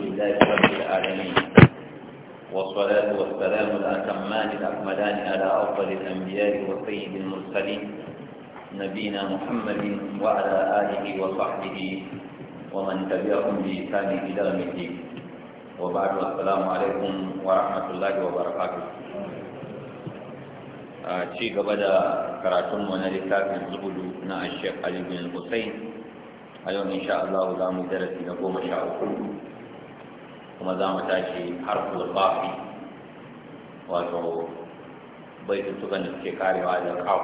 لله رب العالمين والصلاة والسلام الأتمان الأكملان على أفضل الأنبياء وسيد المرسلين نبينا محمد وعلى آله وصحبه ومن تبعهم بإحسان إلى يوم الدين وبعد السلام عليكم ورحمة الله وبركاته ci gaba da karatunmu na littafin zubudu na ashek ali bin hussein a yau insha Allah za mu darasi na goma sha uku وما za mu tashi الباقي qafi بيت baitutukan da suke وعلى da qaf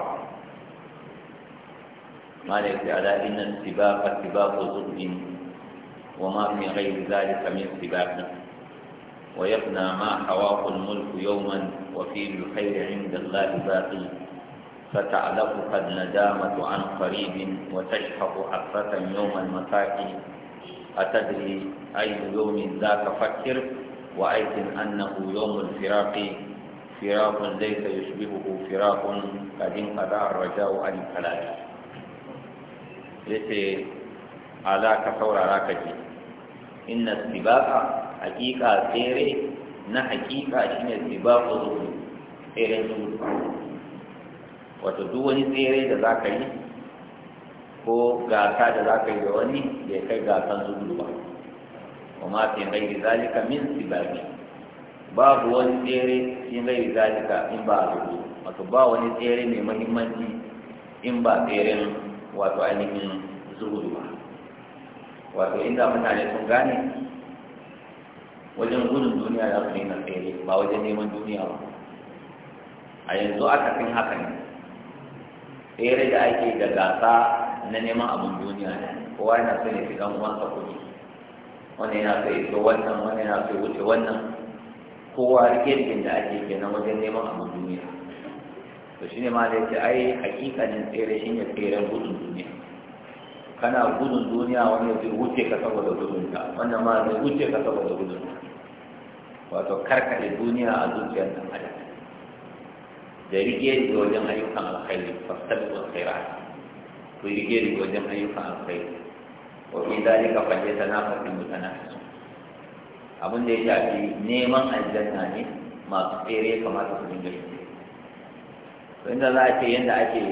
مالك على إن السباق سباق زهد وما في غير ذلك من سباق ويبنى ما حواه الملك يوما وفي الخير عند الله باقي فتعلق قد ندامة عن قريب وتشحق حفة يوم المساكي أتدري أي يوم ذاك فكر وأيقن أنه يوم الفراق فراق ليس يشبهه فراق قد انقضى الرجاء عن الفلاح yace ala ka saurara ka ji inna sibaka hakika tsere na hakika shine sibaka zuwa tseren zuwa wato duk wani tsere da za ka yi ko gasa da za ka yi da wani bai kai gasan zuru ba kuma fi rai zalika min sibabi babu wani tsere fi rai zalika in ba a zudu wato ba wani tsere mai mahimmanci in ba tseren wato ainihin zuru ba wato inda mutane sun gane wajen gudun duniya za su na tsere ba wajen neman duniya ba a yanzu aka fin haka ne tsere da ake da gasa na neman abin duniya ne kowa yana so ya fi dan uwansa kuɗi wani yana so ya so wannan wani yana so ya wuce wannan kowa rikin da ake kenan wajen neman abin duniya to shi ne ma da yake ai hakikanin tsere shi ne tseren gudun duniya kana gudun duniya wani zai wuce ka saboda gudun ta wannan ma zai wuce ka saboda gudun ta wato karkare duniya a zuciyar ɗan adam da rike da wajen ayyukan alkhairi wa khairat ku yi rigeri wajen ayyukan alkhairi wa fi zalika falyatanafasu mutanafisun abin da ya shafi neman aljanna ne masu tsere kamata su dinga shi to inda za a ce yadda ake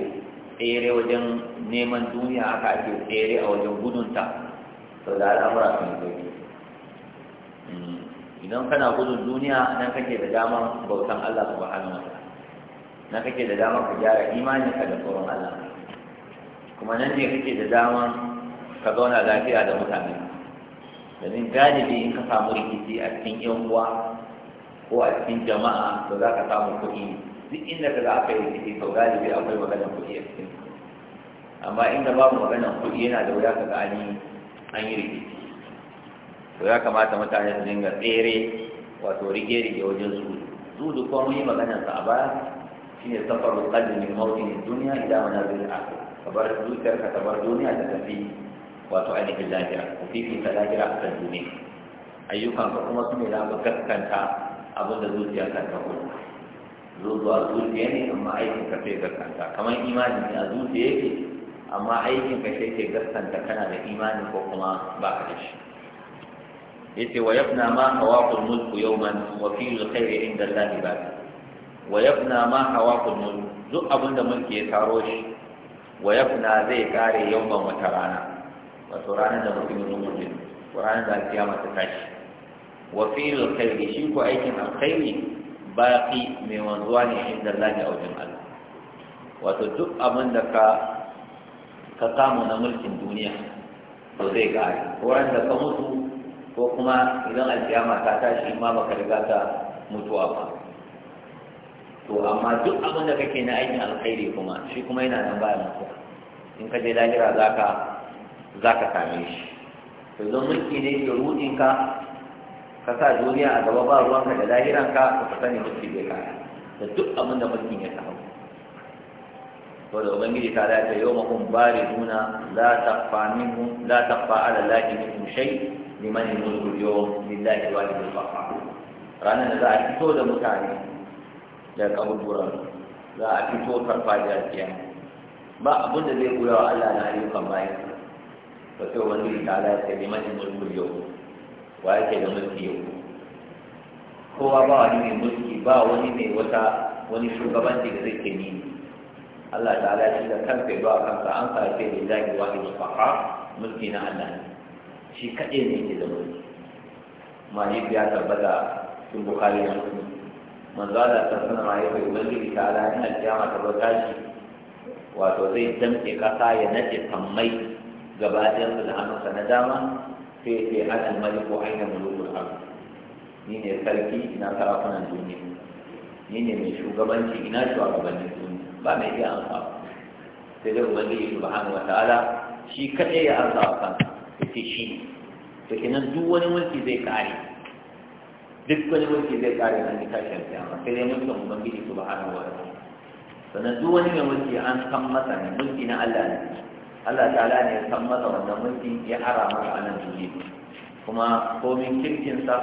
tsere wajen neman duniya aka ake tsere a wajen gudunta to da al'amura sun zoki hmm. idan kana gudun duniya nan kake da damar bautan Allah subhanahu wa ta'ala nan kake da damar ka gyara imanin ka da tsoron Allah kuma nan ne kake da dama ka zauna lafiya da mutane domin galibi in ka samu rikici a cikin yan uwa ko a cikin jama'a to za ka samu kuɗi duk inda ka za a kai rikici to galibi akwai maganar kuɗi a cikin amma inda babu maganar kuɗi yana da wuya ka ga an yi rikici to ya kamata mutane su dinga tsere wato rige-rige wajen zudu zudu kuma mun yi sa a baya shine safarul qalbi min mawdin dunya ila manazil akhirah ka bar dukiyar ka bar duniya da tafi wato ainihin lahira ku ta lahira a kan duniya ayyukan ka kuma su ne za gaskanta abin da zuciya kan ta kuma zuwa zuciya ne amma aikin ka sai gaskanta kamar imani ne a zuciya yake amma aikin ka sai ke gaskanta kana da imani ko kuma ba ka da shi yace wa yabna ma hawaqul mulk yawman wa fi al-khair inda allahi ba wa yabna ma hawaqul mulk duk abin da mulki ya taro shi wa yafna zai kare ban wata rana wato ranar da mutum ya ko ranar da alfiya ta tashi wa kai alkhairi shi ko aikin alkhairi baqi mai wanzuwa ne inda Allah a wajen Allah wato duk abin da ka ka samu na mulkin duniya to zai kare ko ranar da ka mutu ko kuma idan alfiya ta tashi ma baka riga ta mutuwa ba to amma duk abin da kake na aikin alkhairi kuma shi kuma yana nan baya mutuwa in ka je lahira zaka zaka same shi to don mulki ne ke rudin ka ka sa duniya a gaba ba ka da lahiran ka ka sani mulki bai kaya da duk abin da mulkin ya kawo to da ubangiji ta dace yau mahum bari nuna la taqfa minhu la taqfa ala lahi minhum shay liman al-mulku al-yawm lillahi wa lil ranar da za a fito da mutane da kaburburan za a fito farfajiyar kiyama ba abin da zai kula wa Allah na ayyukan bayan ba sai wani ta ala ya sai mani mulki yau wa yake da mulki yau kowa ba wani mai mulki ba wani mai wata wani shugabanci da zai ke ni Allah ta ala shi da kansa ya ba kansa an sa sai da zagi wa ne mulki na Allah shi kadai ne ke da mulki ma yi biya tabbata sun bukari na mutum manzo Allah ta sanar ma yake ubangiji ta ala in alkiyama ta bata shi wato zai damke kasa ya nace sammai gaba ɗayan su da hannunsa na dama sai sai ana maliku aina mulukul ardh ni ne sarki ina sarakunan duniya ni ne mai shugabanci ina shugabannin duniya ba mai iya amsa sai dai ubangiji subhanahu wataala shi kadai ya arza a kansa yace shi to kenan duk wani mulki zai kare duk wani mulki zai kare na ita shi alƙiyama sai dai mulkin ubangiji subhanahu wa ta'ala sannan duk wani mai mulki an san masa ne mulki na Allah ne Allah ta'ala ne ya san masa wannan mulki ya ara masa a nan duniya kuma komin sa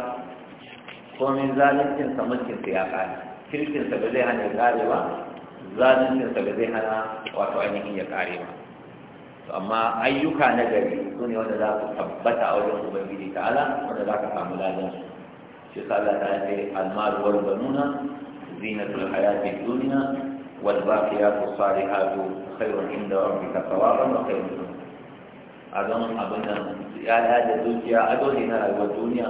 komin mulkin sa ya kare kirkin sa ba zai hana ya kare ba zaluncinsa ba zai hana wato ainihin ya kare ba amma ayyuka na gari su ne wanda za su tabbata a wajen ubangiji ta'ala wanda za ka samu ladansu قال تعالى المال والبنون زينة الحياة الدنيا والباقيات الصالحات خير عند ربك ثوابا وخير أظن أظن قال هذا الدنيا أظن هنا الدنيا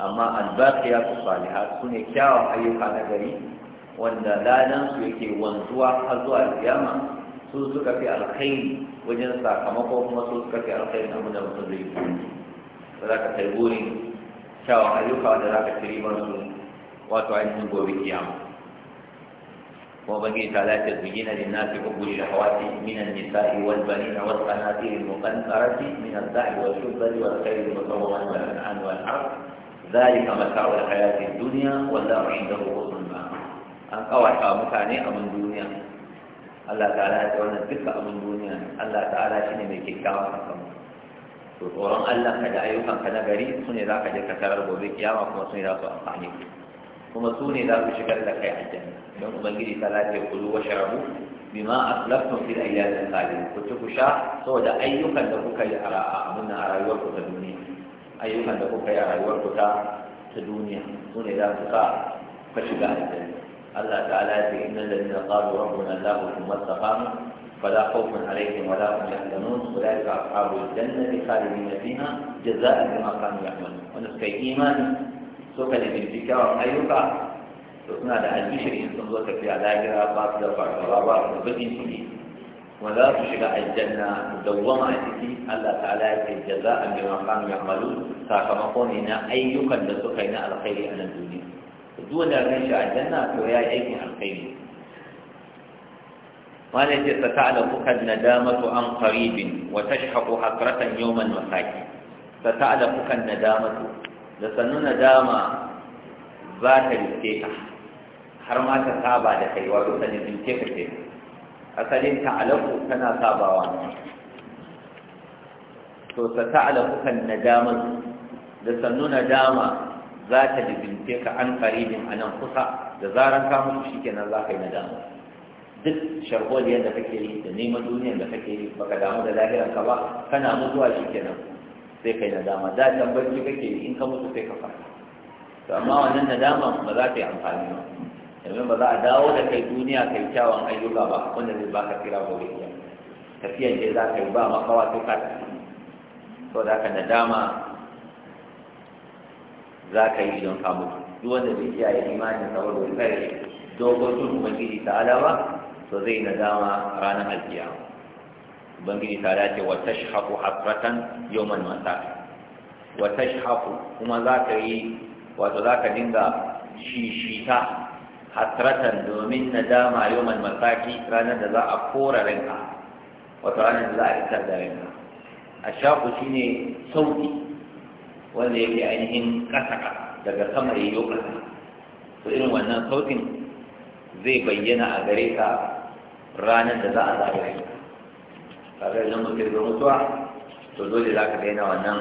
أما الباقيات الصالحات سنة كاو أيها نجري وأن لا ننسى كي وانزوا حزوا القيامة سوزك في الخير وجنسا كما قوم سوزك في الخير أمنا وصدري فذاك تقولين kyawun ayyuka wanda za ka ci ribar su wato ainihin gobe kiyama kuma bangi ta lafiya bugina da nasi ubbuli da hawati minan nisa'i wal banina wal qanatiri muqantarati min az-za'i wal fiddati wal khayl musawwaman wal an'am wal harf ذلك متاع الحياة الدنيا والله عنده حسن المآب أن قوعها متعني أمن دنيا الله تعالى يتولى تلك أمن shi ne mai شنو a كاوة to tsoron Allah ka da ayyukan ka na gari su ne za ka je ka tarar gobe kiyama kuma su ne za su amfani kuma su ne za su shigar da kai aljanna don ubangiji ta lafiya kulu wa sharabu bima aslaftum fil ayyamin qalil ku ci ku sha saboda ayyukan da kuka yi a abin a rayuwar ku ta duniya ayyukan da kuka yi a rayuwar ku ta ta duniya su ne za su ka ka shiga aljanna Allah ta'ala ya ce innal ladina qalu rabbuna Allahu thumma istaqamu فلا خوف عليهم ولا هم يحزنون اولئك اصحاب الجنه خالدين فيها جزاء بما كانوا يعملون ونسكي ايمان سوكا لبنتكا وايوكا سوكنا لالبشر ان تنظر في علاجها باطل فاكبر وبدين فيه ولا تشرع الجنة دوما أتكي الله تعالى جزاء بما كانوا يعملون ساكمقون هنا أيوكا لسوكينا الخير على الدنيا دون أن يشاء الجنة فهي أيكي الخير wani ce ta ta'ala kukan nadama su an karibin wata shaƙo hakaratan yawon masaki ta ta'ala kukan nadama da sannu nadama za ta riske ka har ma ta saba da kai wato ta nufin ke kake asalin ta'ala ku tana sabawa to ta ta'ala kukan nadama da sannu nadama za ta nufin ka an karibin a nan kusa da zaran kamun shi kenan za ka yi nadama duk sharholiyar da kake yi da neman duniyar da kake yi baka damu da lahiran ka ba kana mutuwa kenan sai kai nadama da can barci kake yi in ka mutu sai ka fara to amma wannan nadama ba za ta yi amfani ba domin ba za a dawo da kai duniya kai kyawun ayyuka ba wanda zai baka kira gobe iya tafiyan ce za ka yi ba makawa to ka tafi to da ka nadama za ka yi don ka mutu duk wanda zai iya imanin saboda wani kare dogon sun ubangiji ta alawa to zai na dama ranar alkiyama ubangiji ta dace wa tashhaqu hasratan yoman masaq wa tashhaqu kuma za ka yi wato za ka dinga shishita hasratan domin na dama yoman masaki ranar da za a kora ranka wato ranar da za a isar da ranka ashaku shine sauki wanda yake ainihin kasa daga sama yayi ƙasa to irin wannan sautin zai bayyana a gare ka ranar da za a zagaye kaga idan mun kirga mutuwa to dole za ka daina wannan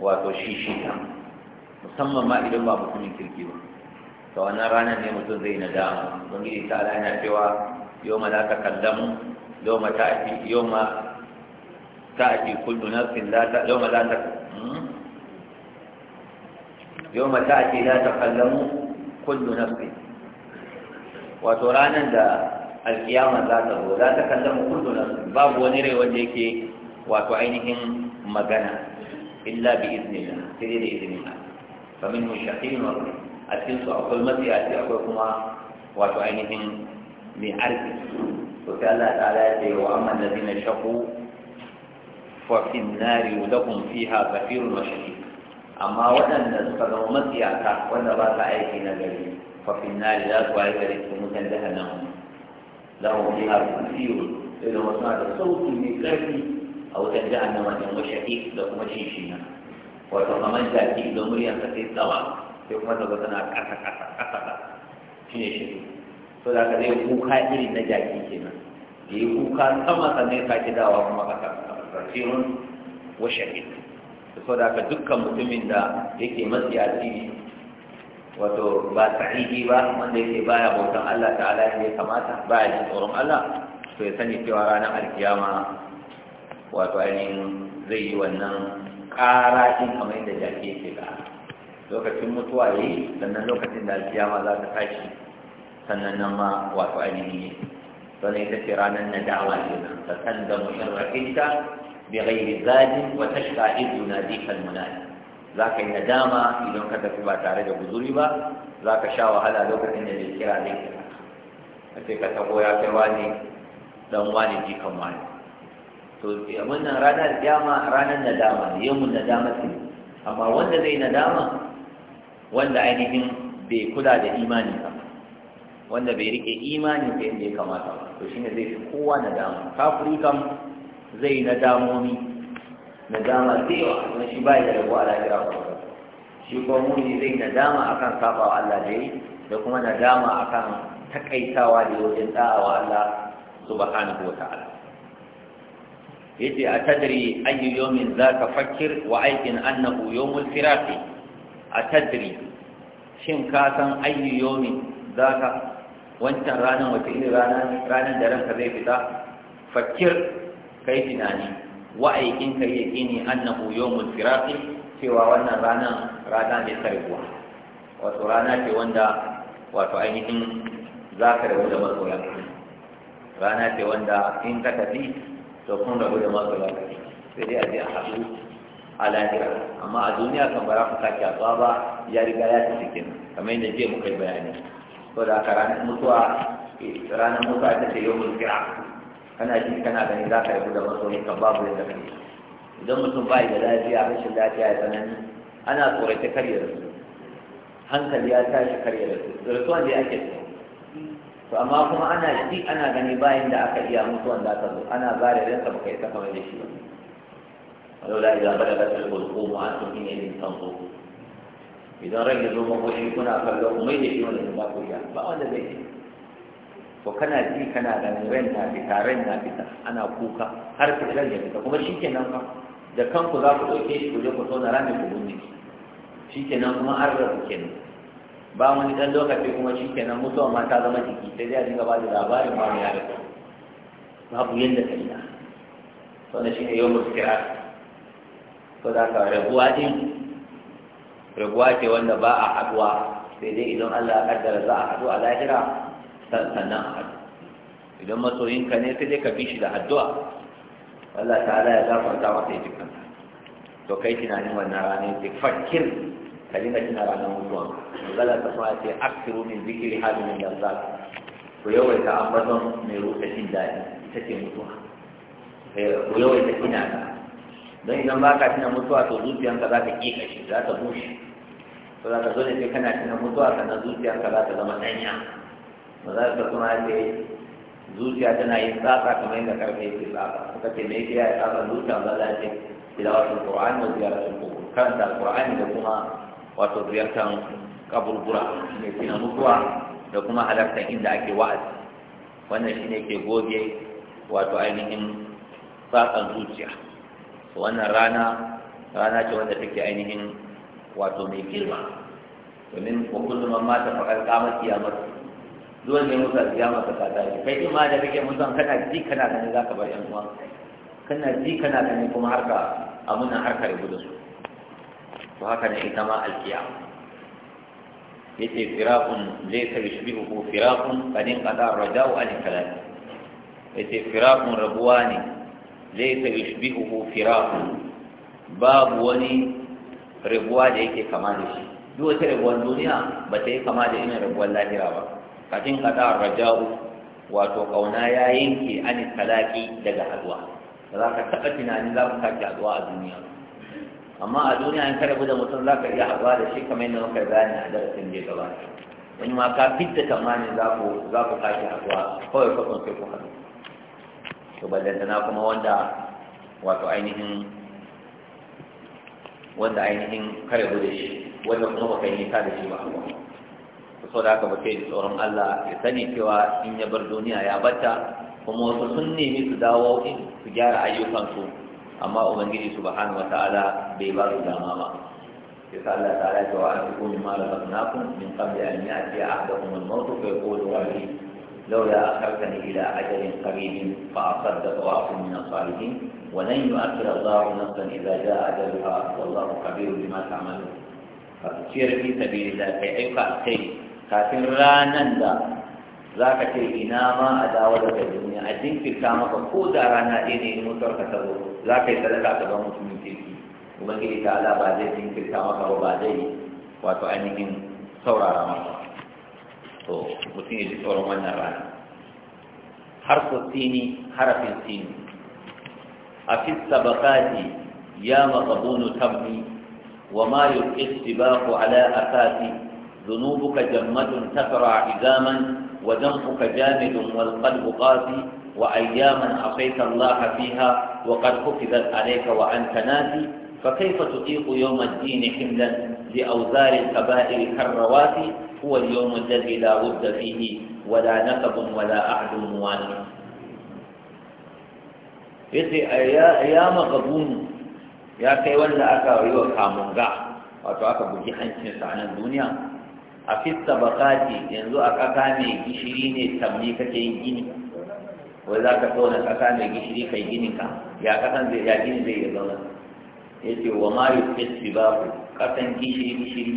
wato shi shi musamman ma idan ba mutumin kirki ba to wannan ranar ne mutum zai na dama, nadama ubangiji ta ala yana cewa yau ma za ka kallamu yau ma ta'ati yau ma ta'ati kullu nafsin la ta yau ma za ta hmm? yau ma ta'ati la ta kallamu kullu nafsin wato ranar da alkiyama za ta zo za ta kallama kullunan babu wani rai wanda yake wato ainihin magana illa bi iznillah sai dai da iznillah fa min mushaqiyin wa a su akwai matsiyaci akwai kuma wato ainihin mai arziki to sai Allah ta'ala ya ce wa amma ladina shaqu fa fi an-nari lahum fiha zafirun wa shaqiq amma waɗanda suka zama matsiyata wanda ba sa aiki na gari fa fi an-nari za su aika da cikin mutan jahannam lahum fiha kursiyun sai da wasu da sauti mai ƙarfi a wutar jahannama din wa da kuma shishina wato kamar jaki da muryar sai tsawa sai kuma ta tana ƙasa ƙasa ƙasa ƙasa shine da ka zai kuka irin na jaki kenan ya yi kuka sama sannan ya sake dawa kuma dukkan mutumin da yake matsi asiri wato ba sahihi ba wanda yake baya bautan Allah ta'ala ne kamata baya jin tsoron Allah to ya sani cewa ranar alkiyama wato ainihin zai yi wannan ƙara ɗin kamar yadda jaki yake ƙara lokacin mutuwa yi sannan lokacin da alkiyama za ta tashi sannan nan ma wato ainihin sannan ita ce ranar nadawa kenan ta san da mushin rakinta bi ghairi zadi wa tashka idu nadika almunadi za ka yi nadama idan ka tafi ba tare da guzuri ba za ka sha wahala lokacin da zai kira zai kira a ce ka taho ya kai wani dan wani jikan wani to wannan ranar dama ranar nadama ne yamun nadama ce amma wanda zai nadama wanda ainihin bai kula da imani ba wanda bai rike imani ta yadda ya kamata ba to shine zai fi kowa nadama kafiri kam zai nadamomi nadama da yawa don shi ba ya rabo a lahira ba shi kuma muni zai nadama akan saba wa Allah da yi da kuma nadama akan takaitawa da wajen da'a wa Allah subhanahu wa ta'ala yace a tadri ayyu yawmin zaka fakkir wa aikin annahu yawmul firaqi a tadri shin ka san ayyu yawmin zaka wancan ranar wata irin ranar da ranka zai fita fakkir kai tunani in ka yi ku annahu yawmul firaq cewa wannan rana rana ne ta rabuwa wato rana ce wanda wato ainihin za ka rabu da masoya rana ce wanda in ka tafi to kun rabu da masoya sai dai a je a haɗu a lahira amma a duniya kan bara ku sake a ba ya riga ya ci cikin, kamar yadda je mu kai bayani saboda haka ranar mutuwa eh, ranar mutuwa ta ce yau mulkira kana ji kana gani za ka yi da masoyin ka babu yadda ka idan mutum bai da lafiya rashin lafiya ya tsanani ana tsoraita karya da su hankali ya tashi karya da su rasuwan da ake so to amma kuma ana ji ana gani bayan da aka iya mutuwan za ta zo ana zare ranka baka yi kamar da shi ba ولولا إذا بلغت الحلقوم وأنتم حينئذ تنظرون idan ran ya zo makoshi kuna kallon mai da shi wanda ba ku iya ba wanda zai yi to kana ji kana ganin ran na fita ran na fita ana kuka har fitar ya fita kuma shikenan fa da kanku za ku ɗauke shi ku je ku tona ramin ku bunne shikenan kuma an rabu kenan ba wani dan lokaci kuma shikenan mutuwa amma ta zama jiki sai dai a dinga ba da labarin ba ya rabu Ba yadda yanda yi na to na shine yau muskira to da ka rabuwa din rabuwa ce wanda ba a haɗuwa sai dai idan Allah ya kaddara za a haɗu a lahira sannan a haɗu idan masoyinka ne sai dai ka bishi da addu'a Allah ta'ala ya ta wa sai jikan to kai tunanin wannan ranar sai fakir ka dinga tuna ranar mutuwan zala ta fara ce aksiru min zikiri hali min lazzar ku yawaita ambaton mai rufe jin daɗi ita ce mutuwa eh, ku yawaita tuna ta don idan ba ka tuna mutuwa to zuciyanka za ta ƙiƙa shi za ta bushe to za ka zo ne sai kana tuna mutuwa sannan zuciyanka za ta zama ɗanya maza ta kuma ce zuciya tana yin tsatsa kamar yadda karfe yake tsatsa suka ce me yake ya tsatsa zuciya maza za ce tilawatul qur'ani wa ziyaratul qubur karanta alqur'ani da kuma wato ziyartar kaburbura ne kina mutuwa da kuma halartar inda ake wa'azi wannan shi ne ke goge wato ainihin tsatsan zuciya wannan rana rana ce wanda take ainihin wato mai girma domin wa kullum man mata faqad qamat qiyamah Dole ne musa ya maka kata shi kai in ma da kake musan kana ji kana gani, za ka bar yan uwa kana ji kana gani, kuma har ka. abin nan harka rabu da su to haka ne ita ma alkiyama yace firaqun laysa yushbihuhu firaqun qad inqada rajau an kalam yace firaqun rabuwa ne laysa yushbihuhu firaqun babu wani rabuwa da yake kama da shi duk wata rabuwar duniya ba ta yi kama da irin rabuwar lahira ba kafin kada raja'u wato kauna ya yanke an talaki daga haduwa Da za ka taɓa tunanin za ku sake haduwa a duniya amma a duniya in ka rabu da mutum za ka iya haduwa da shi kamar yadda muka gane a darasin da ya gabata wani ma ka fitta tamanin za ku za ku sake haduwa kawai kwakwan sai ku haɗu to ballantana kuma wanda wato ainihin wanda ainihin kare da shi wanda kuma baka yi nisa da shi ba a so da aka mace tsoron Allah ya sani cewa in ya bar duniya ya bata kuma wasu sun nemi su dawo in su gyara ayyukansu amma ubangiji subhanahu wata'ala bai ba su dama ba ya sa Allah ta rai cewa an fi kuma ma da fasna kun min yi ake da kuma mautu kai ko da wani lau ya karka ila ajalin karibin fa a sar da tsawa kun min asalihin wannan yi ma kira za a wani sani za a ajalin ha wallahu kabiru bi ma ta amalu ka ciyar bi sabi da kai aika kafin ranan da za ka ce ina ma a dawo da duniya a jinkirta maka ko da rana ɗaya ne mutuwar ka tabo za ka yi sadaka ka ga mutumin kirki ubangiji ta ala ba zai jinkirta maka ba ba zai wato ainihin saurara maka to mutum ya ji tsoron wannan rana harfu sini harafin sini a fi sabakati ya bunu tabbi, wa ma yuqistibahu ala asasi ذنوبك جمة تفرع عزاما وذنبك جامد والقلب قاسي وأياما عصيت الله فيها وقد حفظت عليك وأنت ناسي فكيف تطيق يوم الدين حملا لأوزار الكبائر كالرواسي هو اليوم الذي لا ود فيه ولا نسب ولا أحد مواني yace أيام غبون يا kai wanda aka yi wa kamunga wato aka bugi hancinsa a fista bakati yanzu a ƙasa mai gishiri ne tamni kake yin gini wai za ka tona ƙasa mai gishiri kai ginin ka ya kasan zai ya gini zai iya zauna ya ce wa ma yi festi ba ku kasan gishiri gishiri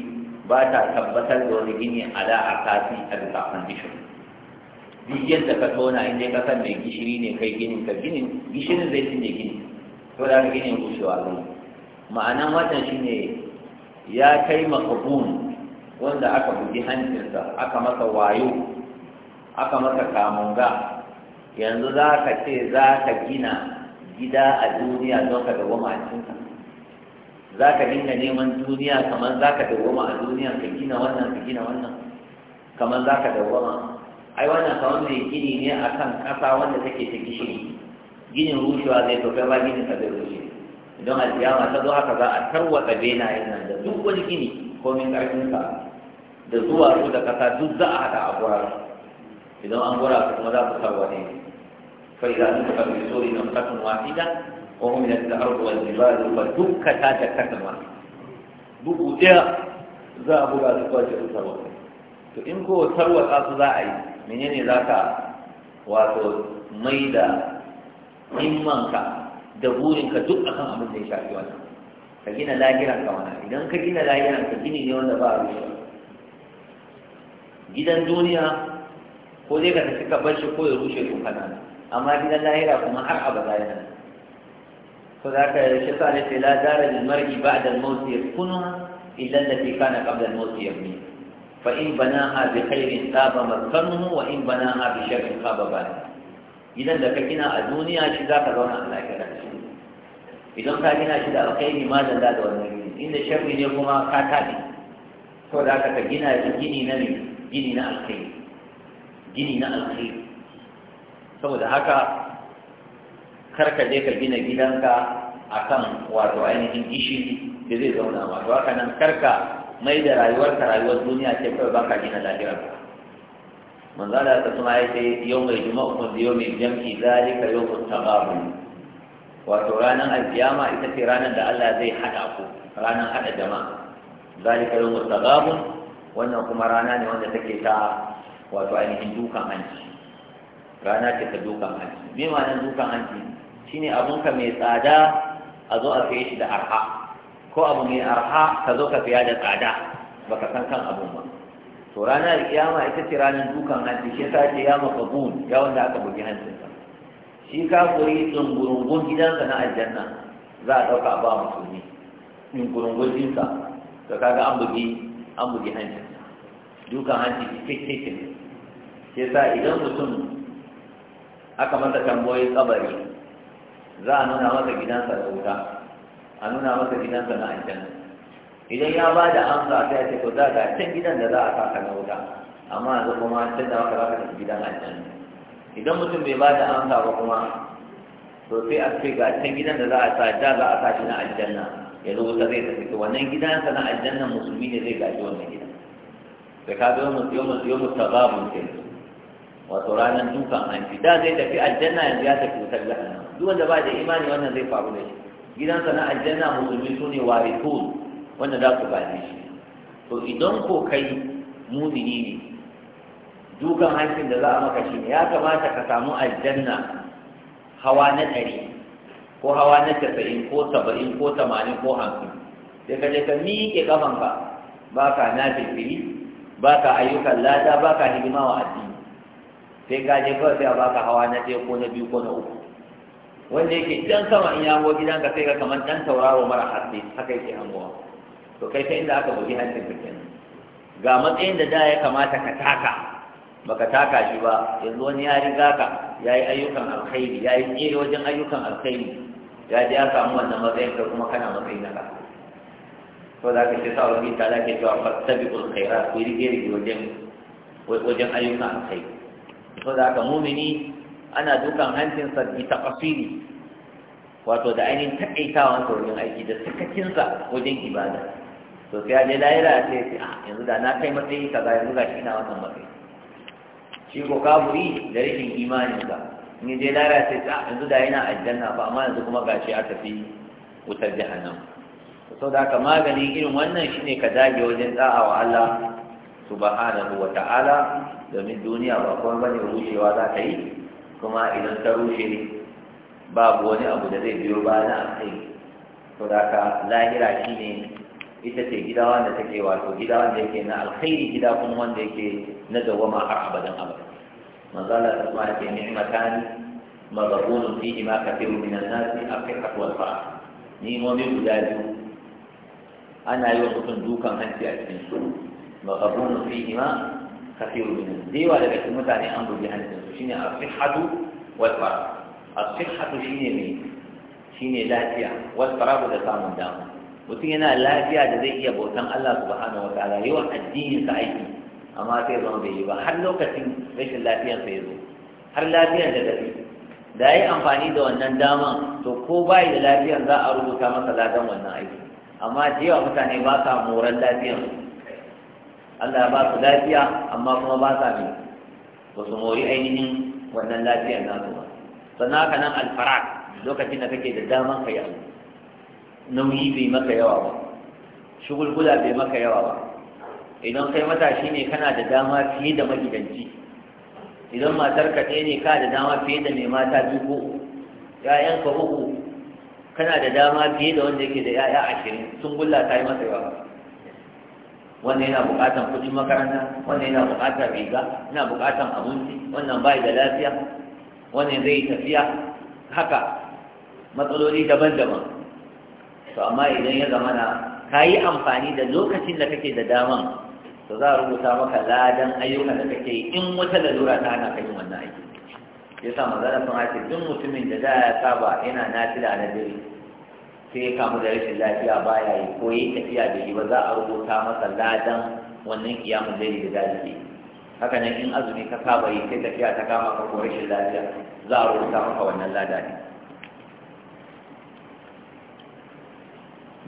ba ta tabbatar da wani gini da a kasi a bisa condition duk yadda ka tona inda kasan mai gishiri ne kai ginin ka gini gishiri zai cinye gini ko da ka ginin gushewa zai watan wannan ne ya kai makabun wanda aka bugi hancinsa aka masa wayo aka masa kamunga yanzu za ka ce za ka gina gida a duniya don ka dawoma a cikinka za ka dinga neman duniya kamar za ka dawoma a duniya ka gina wannan ka gina wannan kamar za ka dawoma ai wannan kamar mai gini ne a kan ƙasa wanda take ta gishiri ginin rushewa zai to kai ba ginin ka zai rushe idan alkiyama ta zo haka za a tarwatsa benayen nan da duk wani gini komin ƙarfinsa da zuwa su da kasa duk za a haɗa a gura idan an gura su kuma za su sa wani fa idan suka bi so idan katun wahida wa hum yadda ardu wal jibalu fa dukkata da katama bugu ɗaya za a buga su kwace su tarwata to in ko ta su za a yi menene za ka wato mai da himmanka da burinka duk akan abin da ya shafi wannan ka gina lahiran ka wani idan ka gina lahiran ka gini ne wanda ba a rushe gidan duniya ko dai ka tafi ka bar shi ko ya rushe to kana amma gidan lahira kuma har abada yana ko za ka shi sa ne sai la dara lil mar'i ba'da al-maut yakunu illa allati kana qabla al-maut yabni fa in banaha bi khairin taba maskanuhu wa in banaha bi sharrin khaba bani gidan da ka gina a duniya shi za ka zauna a lahira idan ka gina shi da alkhairi ma da da wannan gini inda sharri ne kuma ka tabi ko da ka gina shi gini na ne gini na alkhairi gini na alkhairi saboda haka kar ka je ka gina gidanka akan wato ainihin gishiri da zai zauna wato haka nan karka mai da rayuwarka rayuwar duniya ce kawai baka gina ba manzo da ta tuna yake yau mai juma'a ko yau mai jam'i zalika yawmut tabaru wato ranar alkiyama ita ce ranar da Allah zai hada ku ranar hada jama'a zalika yawmut tabaru wannan kuma rana ne wanda take ta wato ainihin dukan hanci rana ce ta dukan hanci me ma'anar dukan hanci shine abunka mai tsada a zo a saye shi da arha ko abu mai arha ka zo ka saya da tsada baka san kan abun ba to ranar kiyama ita ce ranar dukan hanci shi yasa ce ya makabun ya wanda aka bugi hancinsa shi kafuri tsungurungun gidansa na aljanna za a ɗauka ba mutumi, tsungurungun jinsa da kaga an bugi an bugi hancin dukan hanci cikakke ke sa idan mutum aka masa tamboyi kabari za a nuna masa gidansa da wuta a nuna masa gidansa na ajiyar idan ya ba da amsa sai ce ko za ga can gidan da za a saka na wuta amma yanzu kuma can da maka za gidan ajiyar idan mutum bai ba da amsa ba kuma to sai a ce ga can gidan da za a sa da za a sa shi na aljanna ya zo wuta zai tafi to wannan gidansa na aljanna musulmi ne zai gaji wannan gidan da ka ga yau tababun ke wato ranar dukan hanci da zai tafi aljanna yanzu ya tafi wutar jahannam duk wanda ba da imani wannan zai faru da shi gidansa na aljanna musulmi su ne warithun wanda za su gane shi to idan ko kai mumini ne dukan hancin da za a maka shi ne ya kamata ka samu aljanna hawa na ɗari ko hawa na tasa'in ko saba'in ko tamanin ko hamsin sai ka je ka miƙe ƙafanka ba ka na firfiri baka ka ayyukan lada baka ka hidima wa addini sai ka je kawai sai a baka hawa na ɗaya ko na biyu ko na uku wanda yake dan sama in gidan ka sai ka kamar ɗan tauraro mara haske haka yake hangowa to kai sai inda aka bugi hancin ka ga matsayin da da ya kamata ka taka baka taka shi ba yanzu wani ya riga ka ya yi ayyukan alkhairi ya yi tsere wajen ayyukan alkhairi ya je ya samu wannan matsayin ka kuma kana matsayin na ka ko za ka ce sa wani ta za ka cewa fattabiqul ku rige rige wajen wajen ayyukan kai ko za ka mumini ana dukan hancin sa bi taqsiri wato da ainihin taƙaitawan sa wajen aiki da sakacin sa wajen ibada to sai dai lahira sai a ah, yanzu da na kai matsayi kaza yanzu ga na wannan matsayi shi ko kafuri da rashin imanin in je lahira sai a ah, yanzu da yana aljanna ba amma yanzu kuma gashi a tafi wutar jahannama sau da haka magani irin wannan shine ka dage wajen da'a wa Allah subhanahu wa ta'ala domin duniya ba kuma bane rushewa za ta yi kuma idan ta rushe babu wani abu da zai biyo ba na kai sau da haka lahira shine ita ce gida wanda take wato gida wanda yake na alkhairi gida kuma wanda yake na dawama har abadan abada manzo Allah ta kuma yake ni'matani mazabunun fihi ma kathiru minan nasi aqiqatu wal fa'a ni mu mu'min guda biyu ana yi wa mutum dukan hanci a cikin su Ba ka magabun fihi ma kafiru min dewa daga cikin mutane an bugi hancin su shine as-sihhatu wal farah as-sihhatu shine mai shine lafiya wal farah da samun dama mutum yana lafiya da zai iya bautan Allah subhanahu wa ta'ala yawan addinin sa aiki amma sai zama bai yi ba har lokacin rashin lafiyar sa ya zo har lafiyar da gaske da yi amfani da wannan dama to ko bai da lafiyar za a rubuta masa ladan wannan aiki amma da yawa mutane ba sa moran lafiya Allah ba su lafiya amma kuma ba sa ne ba su mori ainihin wannan lafiyar na ba sannan haka nan alfarak lokacin da kake da daman ka yawo nauyi bai maka yawa ba shugulgula bai maka yawa ba idan kai matashi ne kana da dama fiye da magidanci idan matar ka ɗaya ne ka da dama fiye da mai mata biyu ko ya'yanka uku kana da dama fiye da wanda yake da ya'ya ashirin sun gulla ta yi masa yawa wanda yana bukatan kuɗin makaranta wanda yana bukatan riga yana bukatan abinci wannan bai da lafiya wannan zai yi tafiya haka matsaloli daban-daban to amma idan ya zama na ka yi amfani da lokacin da kake da daman to za a rubuta maka ladan ayyukan da kake yi in wata lalura ta hana ka yin wannan aiki ya sa magana sun ake duk mutumin da za ya saba yana nafila na dare sai ya kamu da rashin lafiya ya yi ko yi tafiya da yi ba za a rubuta masa ladan wannan kiyamun dare da dare yi haka nan in azumi ka saba yi sai tafiya ta kama ka ko rashin lafiya za a rubuta maka wannan lada ne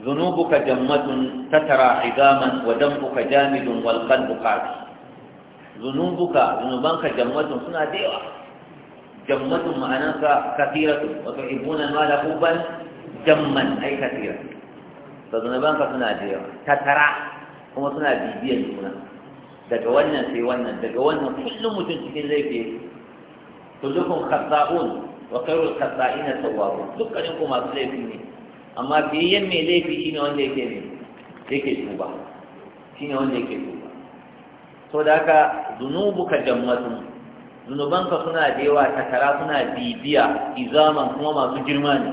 ذنوبك جمة تترى حجاما ودمك جامد والقلب قاسي ذنوبك ذنوبك جمة suna da yawa. جمة معناك كثيرة وتحبون المال حبا جما أي كثيرة فذنبان كسنا جيرا تترع كما سنا بيا جمنا دقوانا سيوانا دقوانا كل متنسكين زي فيه كلكم خطاؤون وخير الخطائين التوابون دكانكم ما سلي فيني أما في يمي لي في شيني وان لي كيني لي كيشوبا شيني وان لي كيشوبا سوداك ذنوبك جمة zunubanka suna da yawa takara suna bibiya izaman kuma masu girma ne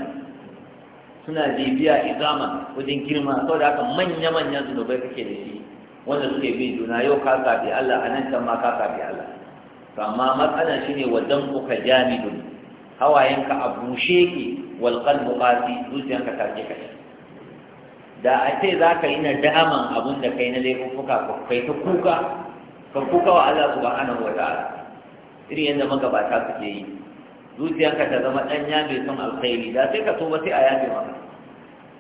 suna bibiya izaman wajen girma saboda haka manya-manyan zunubai kake da shi wanda suke bin juna yau ka zaɓi Allah a nan can ma ka zaɓi Allah to amma matsala ne wa dambuka jamidun hawayenka a bushe ki wal qalbu qasi zuciyanka ta je kai da a ce za ka yi nadaman abin da kai na laifuffuka kai ta kuka ka kuka wa Allah subhanahu wa ta'ala irin yadda magabata suke yi zuciyarka ta zama ɗanya mai son alkhairi da sai ka so ba sai a yafe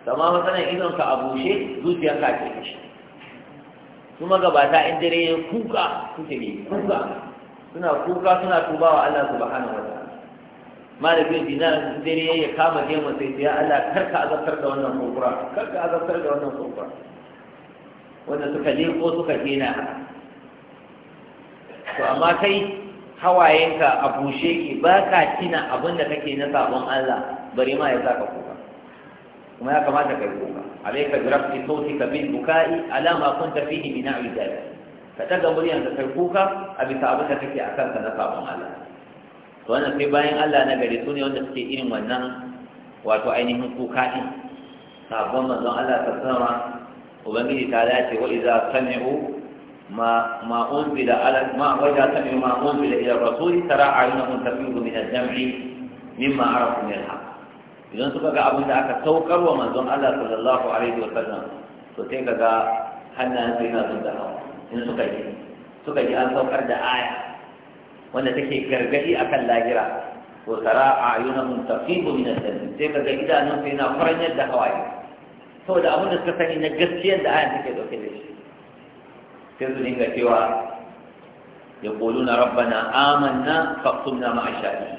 maka matsalar idon ka a bushe zuciyarka ke kashe su magabata in dare ya kuka suke ne kuka suna kuka suna tuba wa Allah subhanahu wa ta'ala malikin dinar dare ya kama gemu sai ya Allah karka azabtar da wannan kar karka azabtar da wannan kokura. wanda suka je ko suka je na to amma kai hawayenka a bushe ke ba ka tina abin da kake na sabon Allah bari ma ya saka kuka kuma ya kamata kai kuka alaika bi rafti sautika bukai alama kun tafi ni min a'idal ka daga muryan kai kuka a bisa abin da kake a kanka na sabon Allah to wannan sai bayan Allah na gari su ne wanda suke irin wannan wato ainihin kuka din sabon manzon Allah sallallahu alaihi ubangiji ta dace wa idza sami'u ما ما أنزل على ما وجه سمعوا أنزل إلى الرسول ترى أعينهم تفيض من الدمع مما عرفوا من الحق idan suka ga abin da aka saukar wa manzon Allah sallallahu alaihi wa sallam to sai ka ga hannayen su yana zuwa hawa in suka ji suka ji an da aya wanda take gargadi akan lahira to tara ayunahum tafidu min al-dam sai ka ga idanun su yana faranyar da saboda abin da suka sani na gaskiyar da ayan take dauke da shi sai su dinga cewa ya na rabbana amanna faktubna ma'a shahidi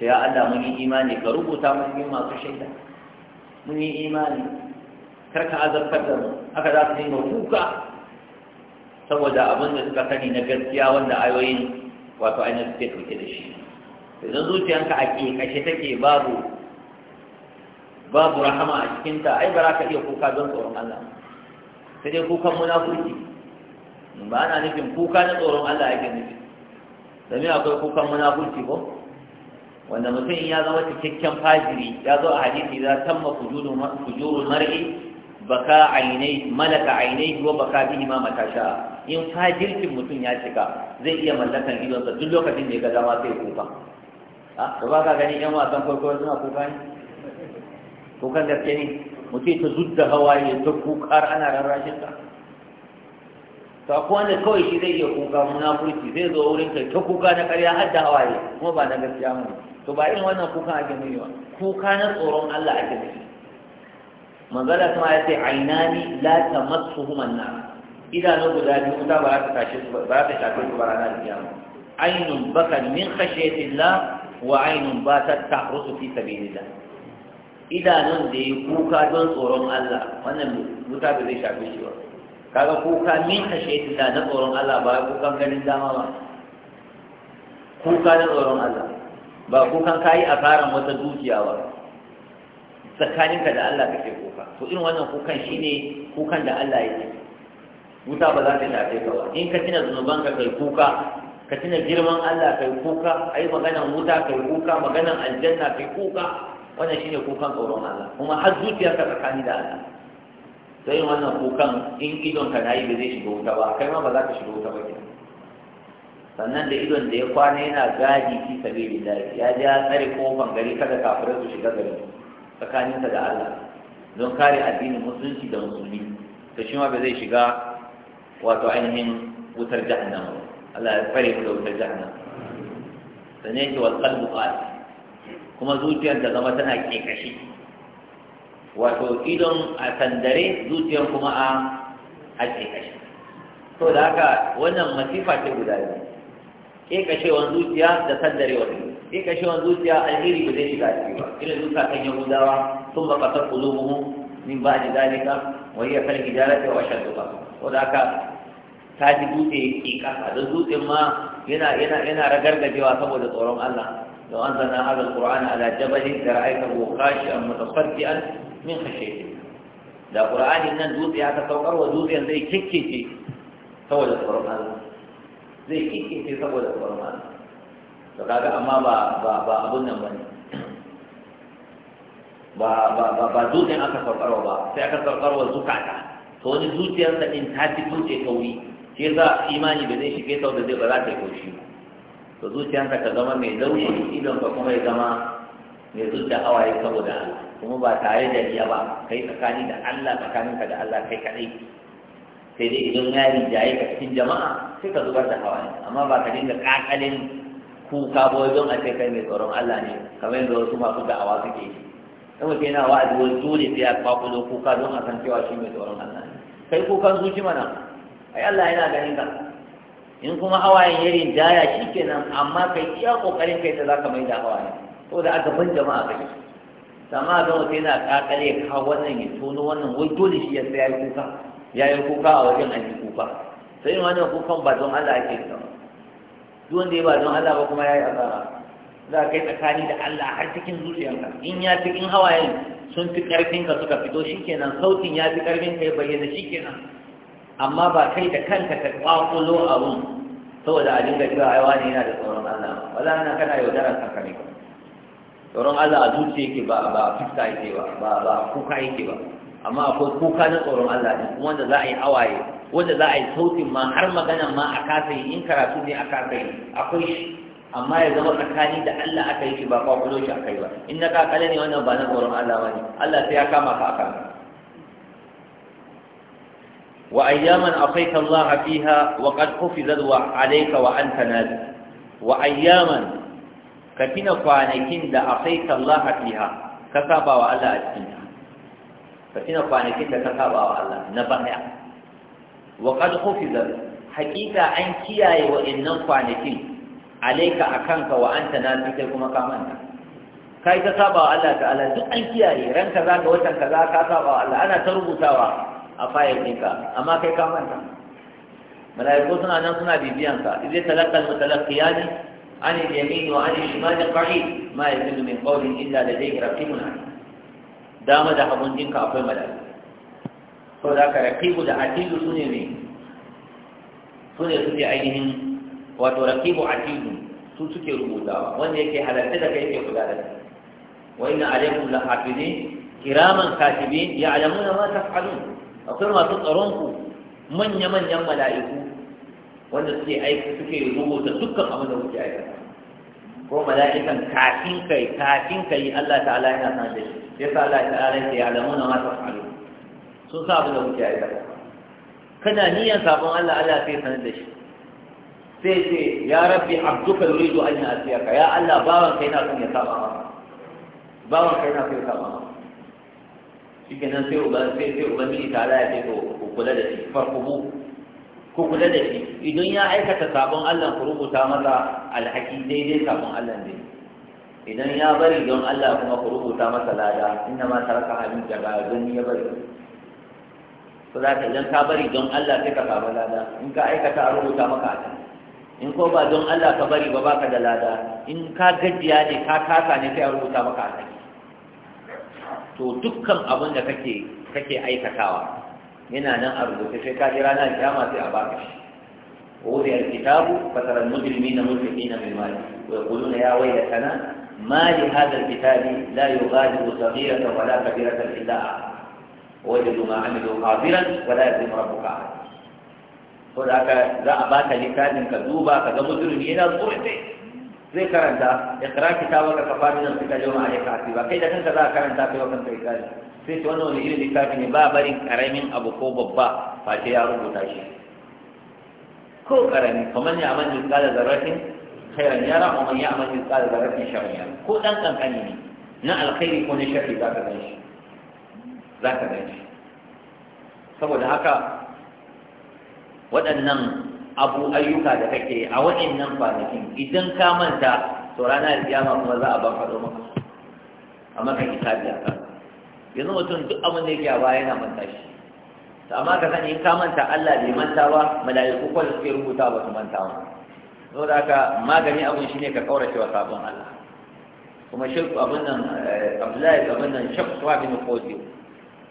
sai ya Allah mun yi imani ka rubuta mun yi masu shaida mun yi imani kar ka azabtar da mu aka za su dinga kuka saboda abin da suka sani na gaskiya wanda ayoyin wato ainihin suke ɗauke da shi idan zuciyanka a kashe take babu babu rahama a cikinta ai ba za ka iya kuka don tsoron Allah sai dai kukan munafurci ba ana nufin kuka na tsoron Allah yake nufi domin akwai kukan munafurci ko wanda mutum ya zama cikakken fajiri ya zo a hadisi za tamma fujurul mar'i baka ainai malaka ainai wa baka bihi ma matasha in fajirkin mutum ya cika zai iya mallakan idonsa duk lokacin da ya ga dama sai kuka a ah, ba ka gani yan wasan kwaikwayo suna kuka ne kukan gaske ne mutum ta zudda hawaye ta kukar ana rarrashin ta to ko wanda kawai shi zai iya kuka munafurci zai zo wurin kai ta kuka na karya har da hawaye kuma ba na gaskiya mu to ba irin wannan kuka ake nuni ba kuka na tsoron Allah ake nuni manzala kuma ya ce ainani la tamassuhum an-nar idanu guda biyu wuta ba za ta tashi su ba za ta shafe su ba ranar mu. ainun bakan min khashyatillah wa ainun ta tahrusu fi sabilillah idanun da ya kuka don tsoron Allah wannan wuta ba zai shafe shi ba kaga kuka min kashe da na tsoron Allah ba kuka ganin dama ba kuka na tsoron Allah ba kuka kai a fara wata dukiya ba tsakaninka da Allah kake kuka to irin wannan kukan shine kukan da Allah ya wuta ba za ta shafe ka ba in ka tuna zunubanka kai kuka ka tuna girman Allah kai kuka ai magana wuta kai kuka magana aljanna kai kuka wannan shine kukan tsoron Allah kuma har zuciyarka tsakani da Allah sai wannan kukan in idon ka nayi ba zai shiga wuta ba kai ma ba za ka shiga wuta ba ke sannan da idon da ya kwana yana gadi fi da ya ji ya tsare kofan gari kada kafirai su shiga gari tsakaninsa da Allah don kare addinin musulunci da musulmi to shi ma ba zai shiga wato ainihin wutar jahannama Allah ya tsare mu da wutar jahannama sannan yake wal qalbu qas kuma zuciyar da zama tana kekashi wato idan a sandare zuciyar kuma a ake kashe to da haka wannan masifa ce guda biyu ke kashewan zuciya da sandare wani ke kashewan zuciya alheri da zai shiga ciki ba irin zuka kan yahudawa sun ba kasar kulubuhu min ba ji zalika wani ya kal hijarati wa shan zuba to da haka ta ji dutse ke kasa don dutsen ma yana yana yana ragargajewa saboda tsoron Allah لو أنزلنا هذا القرآن على جبل لرأيته خاشئا متصدئا min khashyati da qur'ani nan dutse aka saukar wa dutsen zai kikkece saboda tsoron zai kikkece saboda tsoron Allah to kaga amma ba ba ba abun nan bane ba ba ba ba dutsen aka saukar wa ba sai aka saukar wa zukata to wani zuciyar da din ta fi dutse kauri ke za imani ba zai shige sau da zai ba za ta yi koshi to zuciyarsa ka zama mai laushi idon ba kuma ya zama mai zub da hawaye saboda Allah kuma ba tare da riya ba kai tsakani da Allah tsakaninka da Allah kai kadai sai dai idan ya rijaye ka cikin jama'a sai ka zubar da hawaye amma ba ka dinga kakalin kuka ba wajen a kai mai tsoron Allah ne kamar yadda wasu masu da'awa suke yi kai na yana wa'azi wani dole sai a kwakwalo kuka don a san cewa shi mai tsoron Allah ne kai kukan zuci mana ai Allah yana ganin ka in kuma hawayen ya rinjaya shikenan amma kai iya kokarin kai da zaka mai da hawayen ko da aka ban jama'a kai sama ga wata yana kakare ka wannan ya tono wannan wai dole shi ya tsaya yi kuka ya yi kuka a wajen an yi kuka sai wannan kukan ba don Allah ake yi duk wanda ya ba don Allah ba kuma ya yi asara za ka kai tsakani da Allah har cikin zuciyarka in ya fi in hawayen sun fi ƙarfinka suka fito shikenan sautin ya fi ƙarfin ka ya bayyana shikenan amma ba kai da kanka ka kwakulo abun saboda a dinga cewa aiwa ne yana da tsoron Allah wala nan kana yaudarar kanka ne tsoron Allah a zuciya yake ba ba fuska yake ba ba ba kuka yake ba amma akwai kuka na tsoron Allah ne kuma wanda za a yi awaye, wanda za a yi sautin ma har magana ma a kasa yi in karatu ne aka kasa yi akwai shi amma ya zama tsakani da Allah aka yi shi ba kwakwalo shi aka yi ba in na kakale ne wannan ba na tsoron Allah ba ne Allah sai ya kama ka akan wa ayyaman afaita Allah fiha wa qad hufizat wa alayka wa anta nazil wa ayyaman ka tuna kwanakin da afaita Allah fiha ka saba wa Allah a cikin ka tuna kwanakin da ka saba wa Allah na baya wa qad hufiza haqiqa an kiyaye wa innan kwanakin Alayka akanka wa anta nafi kai kuma ka manta kai ka saba wa Allah ta'ala duk an kiyaye ranka kaza ga watan kaza ka saba wa Allah ana ta rubutawa a fayil ɗinka amma kai ka manta mala'iku suna nan suna bibiyanka idai talaqqal mutalaqiyani عن اليمين وعن الشمال قعيد ما يفعل من قول إلا لديه رقيب عليم دام ده أبن جنك da ملائكة فذاك رقيب ده عتيد سنة مين سنة سنة عينهم وترقيب عتيد su suke rubutawa wanda yake halarta da kai ke kula da kai wa inna alaikum la hafizin kiraman katibin ya'lamuna ma taf'alun akwai masu tsaron ku manya manyan mala'iku wanda suke aiki suke rubuta dukkan abin da kuke aikata ko mala'ikan kafin kai kafin kai Allah ta'ala yana san da shi yasa Allah ta'ala ya lamu na ma tafalu sun sa abin da kuke aikata kana niyyar sabon Allah Allah sai sanar da shi sai ce ya rabbi abduka yuridu an yasiyaka ya Allah bawan kai na son ya saba ma bawan kai na son ya saba ma shi kenan sai ubangiji ta ala ya ce ko kula da shi farko Ko kula da shi idan ya aikata sabon Allah ku rubuta masa alhaki daidai sabon Allah ne idan ya bari don Allah kuma ku rubuta masa lada inna ma taraka halin jaba don ya bari ko da ka idan ka bari don Allah sai ka samu lada in ka aikata a rubuta maka a in ko ba don Allah ka bari ba baka da lada in ka gajiya ne ka kasa ne sai a rubuta maka a to dukkan abin da kake kake aikatawa yana nan a rubuce sai ka kira nan kiyama sai a baka shi wa alkitabu fasara mujrimi na mulkiki na mai mali wa yaqulu ya wayla kana ma li hadha alkitabi la yughadiru saghiratan wa la kabiratan illa wajadu ma amilu hadiran wa ko da ka za a baka littafin ka duba ka ga mujrimi yana zurfe zai karanta ikra kitabaka ka fa'ilan fi kajuma alaika ba kai da kanka za ka karanta kai wannan kai kai sai ta wani wani irin littafi ne ba barin karamin abu ko babba face ya rubuta shi ko karami kamar ya amal misali zarrafin khairan yara wa man ya amal misali zarrafin sharran yara ko dan kankani ne na alkhairi ko na sharri za ka gan shi za ka gan shi saboda haka waɗannan abu ayyuka da kake a waɗannan kwanakin idan ka manta to ranar kiyama kuma za a ba faɗo maka a maka hisabi a kan yanzu mutum duk abin da yake a baya yana manta shi amma ka sani in ka manta Allah bai manta ba mala'iku ko suke rubuta ba su manta ba saboda haka magani shi ne ka kaurace wa sabon Allah kuma shirku abin nan eh, Abdullahi abin nan shakku wa bin Qudi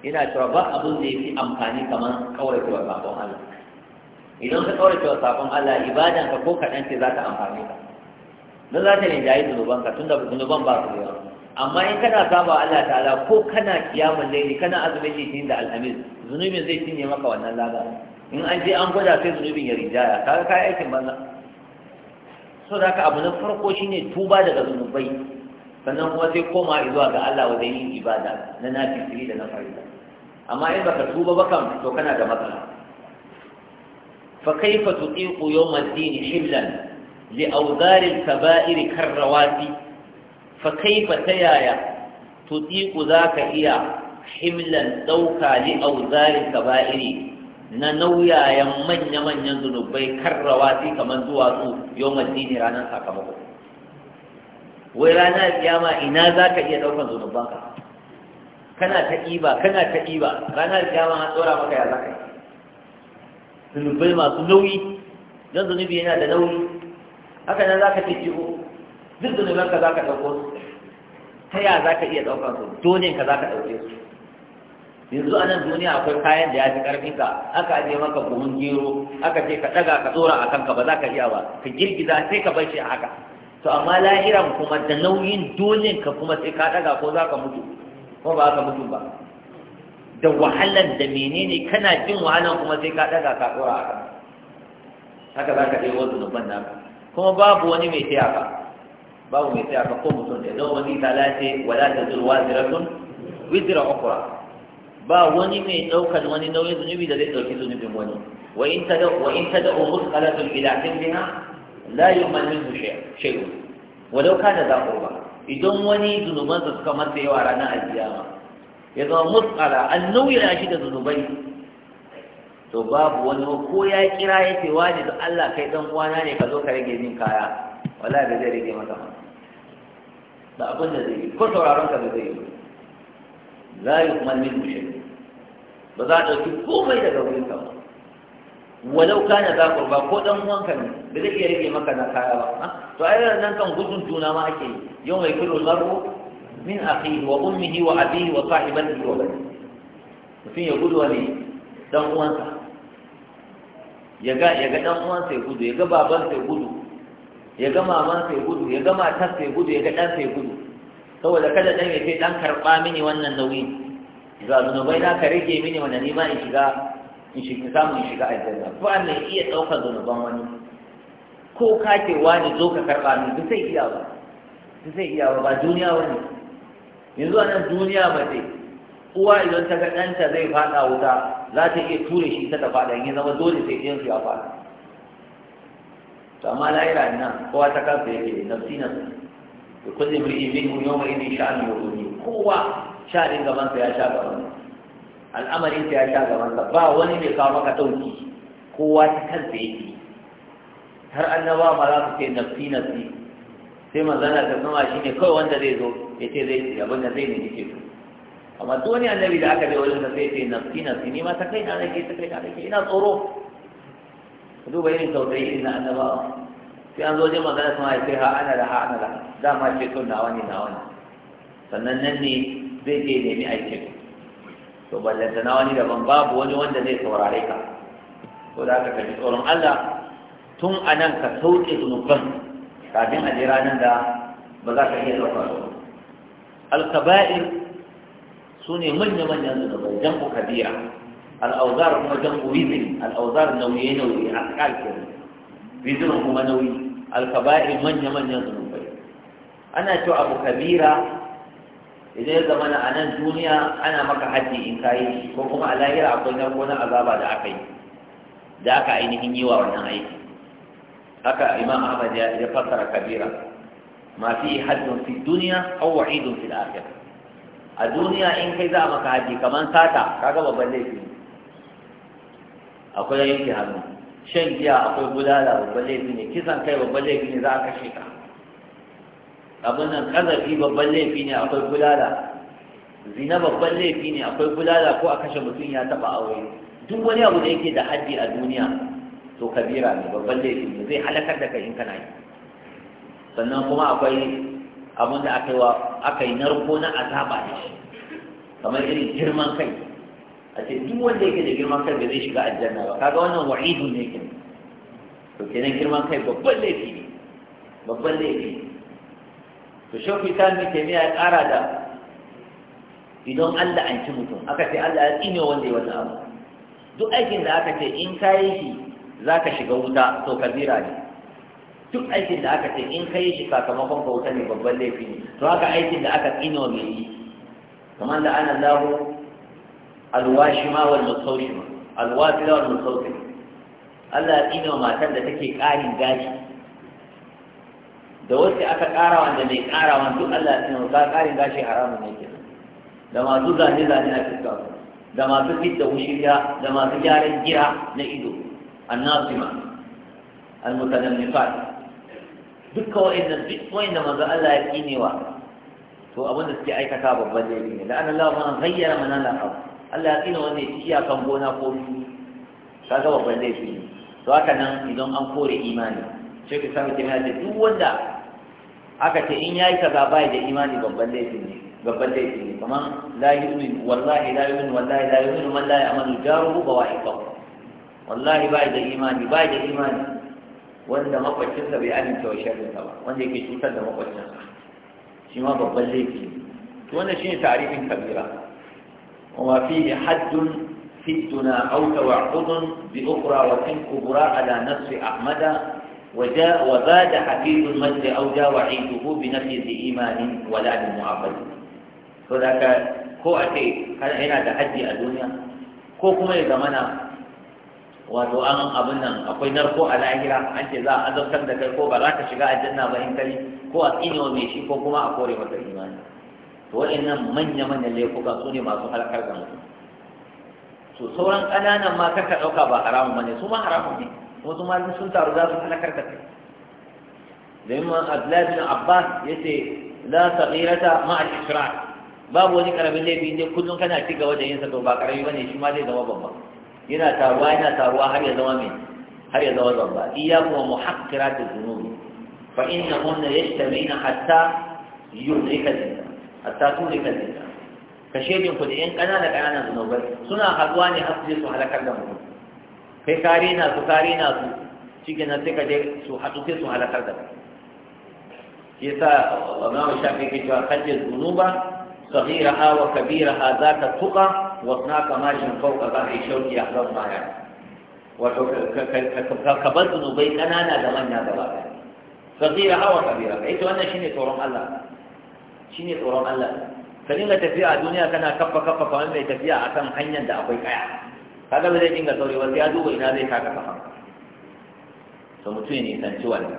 ina cewa ba abin da yake amfani kamar kaurace wa sabon Allah idan ka kaurace wa sabon Allah ibadan ka ko kaɗan ce za ta amfani ka don za ta ne jayi zunubanka tunda zunuban ba su yawa amma in kana saba Allah ta'ala ko kana kiyamun laili kana azumin litinin da alhamis zunubin zai cinye maka wannan lada in an je an gwada sai zunubin ya rijaya kaga kai aikin banza so da abu na farko shine tuba daga zunubai sannan kuma sai koma zuwa ga Allah wajen yin ibada na nafisiri da na farida amma in baka tuba ba kam to kana da matsala fa kaifa tuqiqu yawm ad-din himlan li awdar al-kaba'ir karrawati fa fa ta yaya to za ka iya himlan dauka li auzari iri na nauyayen manya-manyan zunubai karrawa sai kamar zuwa duwatsu yau madini ranar sakamako wai ranar kiyama ina za ka iya ɗaukan ka? kana ta ba, kana ta ɗiba ranar kiyama an tsora maka ya zaka yi. zunubai masu nauyi don zunubi yana da nauyi haka nan zaka ce jiho duk zunuban ka za ka ɗauko su ta yaya za ka iya ɗauka su dole ka za ka ɗauke su yanzu a nan duniya akwai kayan da ya fi ƙarfin ka aka ajiye maka buhun gero aka ce ka ɗaga ka tsora a kanka ba za ka iya ba ka girgiza sai ka bar shi a haka to amma lahiran kuma da nauyin dole ka kuma sai ka ɗaga ko za ka mutu ko ba za ka mutu ba da wahalan da menene kana jin wahalan kuma sai ka ɗaga ka tsora a kanka haka za ka ɗebo zunuban naka kuma babu wani mai taya ka babu mai tsaya ka ko mutum da zama wani tala ce wala ta zurwa ziratun wizira ukura ba wani mai ɗaukar wani nauyin da zai ɗauki zunubin wani wa in ta da wa in ta da umur qalatun ila hinna idan wani zunuban su suka masa yawa ranar alkiyama ya zama mutsala an nauyina shi da zunubai to babu wani ko ya kira ya ce wani da Allah kai dan uwana ne ka zo ka rage min kaya wala da zai rage masa da abin da zai yi ko sauraron ka da zai yi la kuma min mushrik ba za a ɗauki komai daga wurin ka ba walau kana za ku ba ko dan uwanka ne da zai iya rage maka na kaya ba ah, to ai nan kan gudun juna ma ake yi yau mai kullu mar'u min akhihi wa ummihi wa abihi wa sahibatihi wa banihi mutum ya gudu wani dan uwansa ya ga ya uwansa ya gudu ya ga babansa ya gudu ya ga man sai gudu ya ga ta sai gudu ya ga ɗan sai gudu saboda kada dan ya sai ɗan karɓa mini wannan nauyi mu zunubai da ka rage mini wannan ni ma in shiga in shiga samu in shiga aljanna ko an ne iya ɗaukar zunuban wani ko ka ce wani zo ka karɓa ni duk sai iya ba duk sai iya ba ba duniya wani yanzu anan nan duniya ba ce uwa idan ta ga ɗanta zai faɗa wuta za ta iya ture shi ta da faɗa in ya zama dole sai in ya faɗa to amma lahira nan kowa ta kansa yake nafsi nafsi da kullum ri'i minhu yawma idin sha'an yughni kowa sha'anin gaban sa ya sha gaban al'amarin sa ya sha gaban sa ba wani mai kawo maka dauki kowa ta kansa yake har annaba ma za su ce nafsi nafsi sai manzana ta kuma shi ne kawai wanda zai zo ya ce zai ci abin da zai ne nake so amma duk wani annabi da aka bai wajen sa sai ce nafsi nafsi ni ma ta kai na nake ta kai na nake ina tsoro ka duba irin tausayi irin na annabawa sai an zo jin magana sun haife ha ana da ha ana da dama ce sun nawa wani nawa ne sannan nan ne zai je nemi aiki. to ballanta nawa ne daban babu wani wanda zai saurare ka ko da aka kaji tsoron Allah tun a nan ka sauke zunuban kafin a je ranar da ba za ka iya ɗaukar su alkaba'ir su ne manya-manyan zunubai jan ku kabira al'auzar kuma jam'u wizin al'auzar nauye nauye a kalkin wizin kuma nauyi alkaba'ir manya manyan zunubai ana cewa abu kabira idan ya zama na anan duniya ana maka haji in ka yi, ko kuma a lahira akwai na gona azaba da aka yi da aka ainihin yi wa wannan aiki haka imam ahmad ya fassara kabira ma fi haddun fi duniya aw wa'idun fil akhirah a duniya in kai za maka haji kaman sata kaga babban laifi akwai yanke hannu shan giya akwai bulala babban laifi ne kisan kai babban laifi ne za a kashe ka abin nan kazafi babban laifi ne akwai bulala zina babban laifi ne akwai bulala ko a kashe mutum ya taba aure duk wani abu da yake da haddi a duniya to kabira ne babban laifi ne zai halakar da kai in kana yi sannan kuma akwai abin da aka yi narko na azaba da shi kamar irin girman kai a ce duk wanda yake da girman kai ba zai shiga aljanna ba kaga wannan wa'idu ne ke? to kenan girman kai babban laifi ne babban laifi to shafi ta mai taimiya ya ƙara da idan Allah an ci mutum aka ce Allah ya tsine wanda ya wata abu duk aikin da aka ce in ka yi shi za ka shiga wuta to kabira ne duk aikin da aka ce in ka yi shi sakamakon ka wuta ne babban laifi ne to haka aikin da aka tsine wa mai yi kamar da ana lahu alwashima wal mustawshima alwasila wal mustawsila Allah ya tsine wa matan da take ƙarin gashi da wasu aka ƙara wanda mai ƙara wanda duk Allah ya tsine wa ƙarin gashi haramun ne kenan da masu zane zane na fuska da masu fitta wushiriya da masu gyaran gira na ido annasima almutanammifat dukka wa'annan duk wa'anda manzo Allah ya tsine wa, to abin da suke aikata babban laifi ne la'ana Allah man ghayyara manala qawm Allah ya tsina wanda ya ci kan gona ko biyu kaga babban laifi ne to haka nan idan an kore imani sai ka samu kimiyya da duk wanda aka ce in yayi kaza bai da imani babban laifin ne babban laifin ne kamar la yu'min wallahi la yu'min wallahi la yu'min man la ya'malu jaruhu bawa'iqahu wallahi bai da imani bai da imani wanda sa bai aminta wa sharrinsa ba wanda yake cutar da sa shi ma babban laifin to wannan shine tarihin kabira وما فيه حد في الدنا أو توعد بأخرى وتن كبرى على نفس أحمد وجاء وباد حفيظ المجد أو جاء وعيده بنفي إيمان ولا لمعبد فذاك ko a yana da haji a duniya ko kuma ya zamana wato an abin nan akwai narko a lahira an ce za a azabtar da kai ko ba za ka shiga aljanna ba in kai ko a tsinewa mai shi ko kuma a kore masa imani to waɗannan manya-manyan laifuka su ne masu halakar da mutum so sauran ƙananan ma kaka ɗauka ba haramun bane su ma haramun ne kuma su ma sun taru za su halakar da kai domin ma Abdullahi bin Abbas ya ce la saghirata ma al babu wani karamin laifi ne kullum kana ci gaba da yin sa to ba karami bane shi ma zai zama babba yana taruwa yana taruwa har ya zama mai har ya zama babba iyyakum wa muhaqqiratiz dhunubi fa innahunna yajtamina hatta yudrika التاتوري كذلك كشيء ينقل إن أنا لك أنا ذنوب سنا خلواني حصلي سوحة لك الدم في كارينا سكارينا سيكي نتكا دي سوحة تكي سوحة لك الدم كيسا أمام الشافي كي جوا خجي الذنوب صغيرها وكبيرها ذات الثقة وصناك ماجن فوق بعض الشوط يحضر معها وكبل ذنوبين أنا نادمان نادمان صغيرها وكبيرها إيه تو أنا شيني تورم الله shine tsoron Allah ka dinga tafiya a duniya kana kaffa kafa kamar mai tafiya a kan hanyar da akwai kaya kaga ba zai dinga saurayi ba sai ya duba ina zai taka kafa to mutum ne san ciwa ne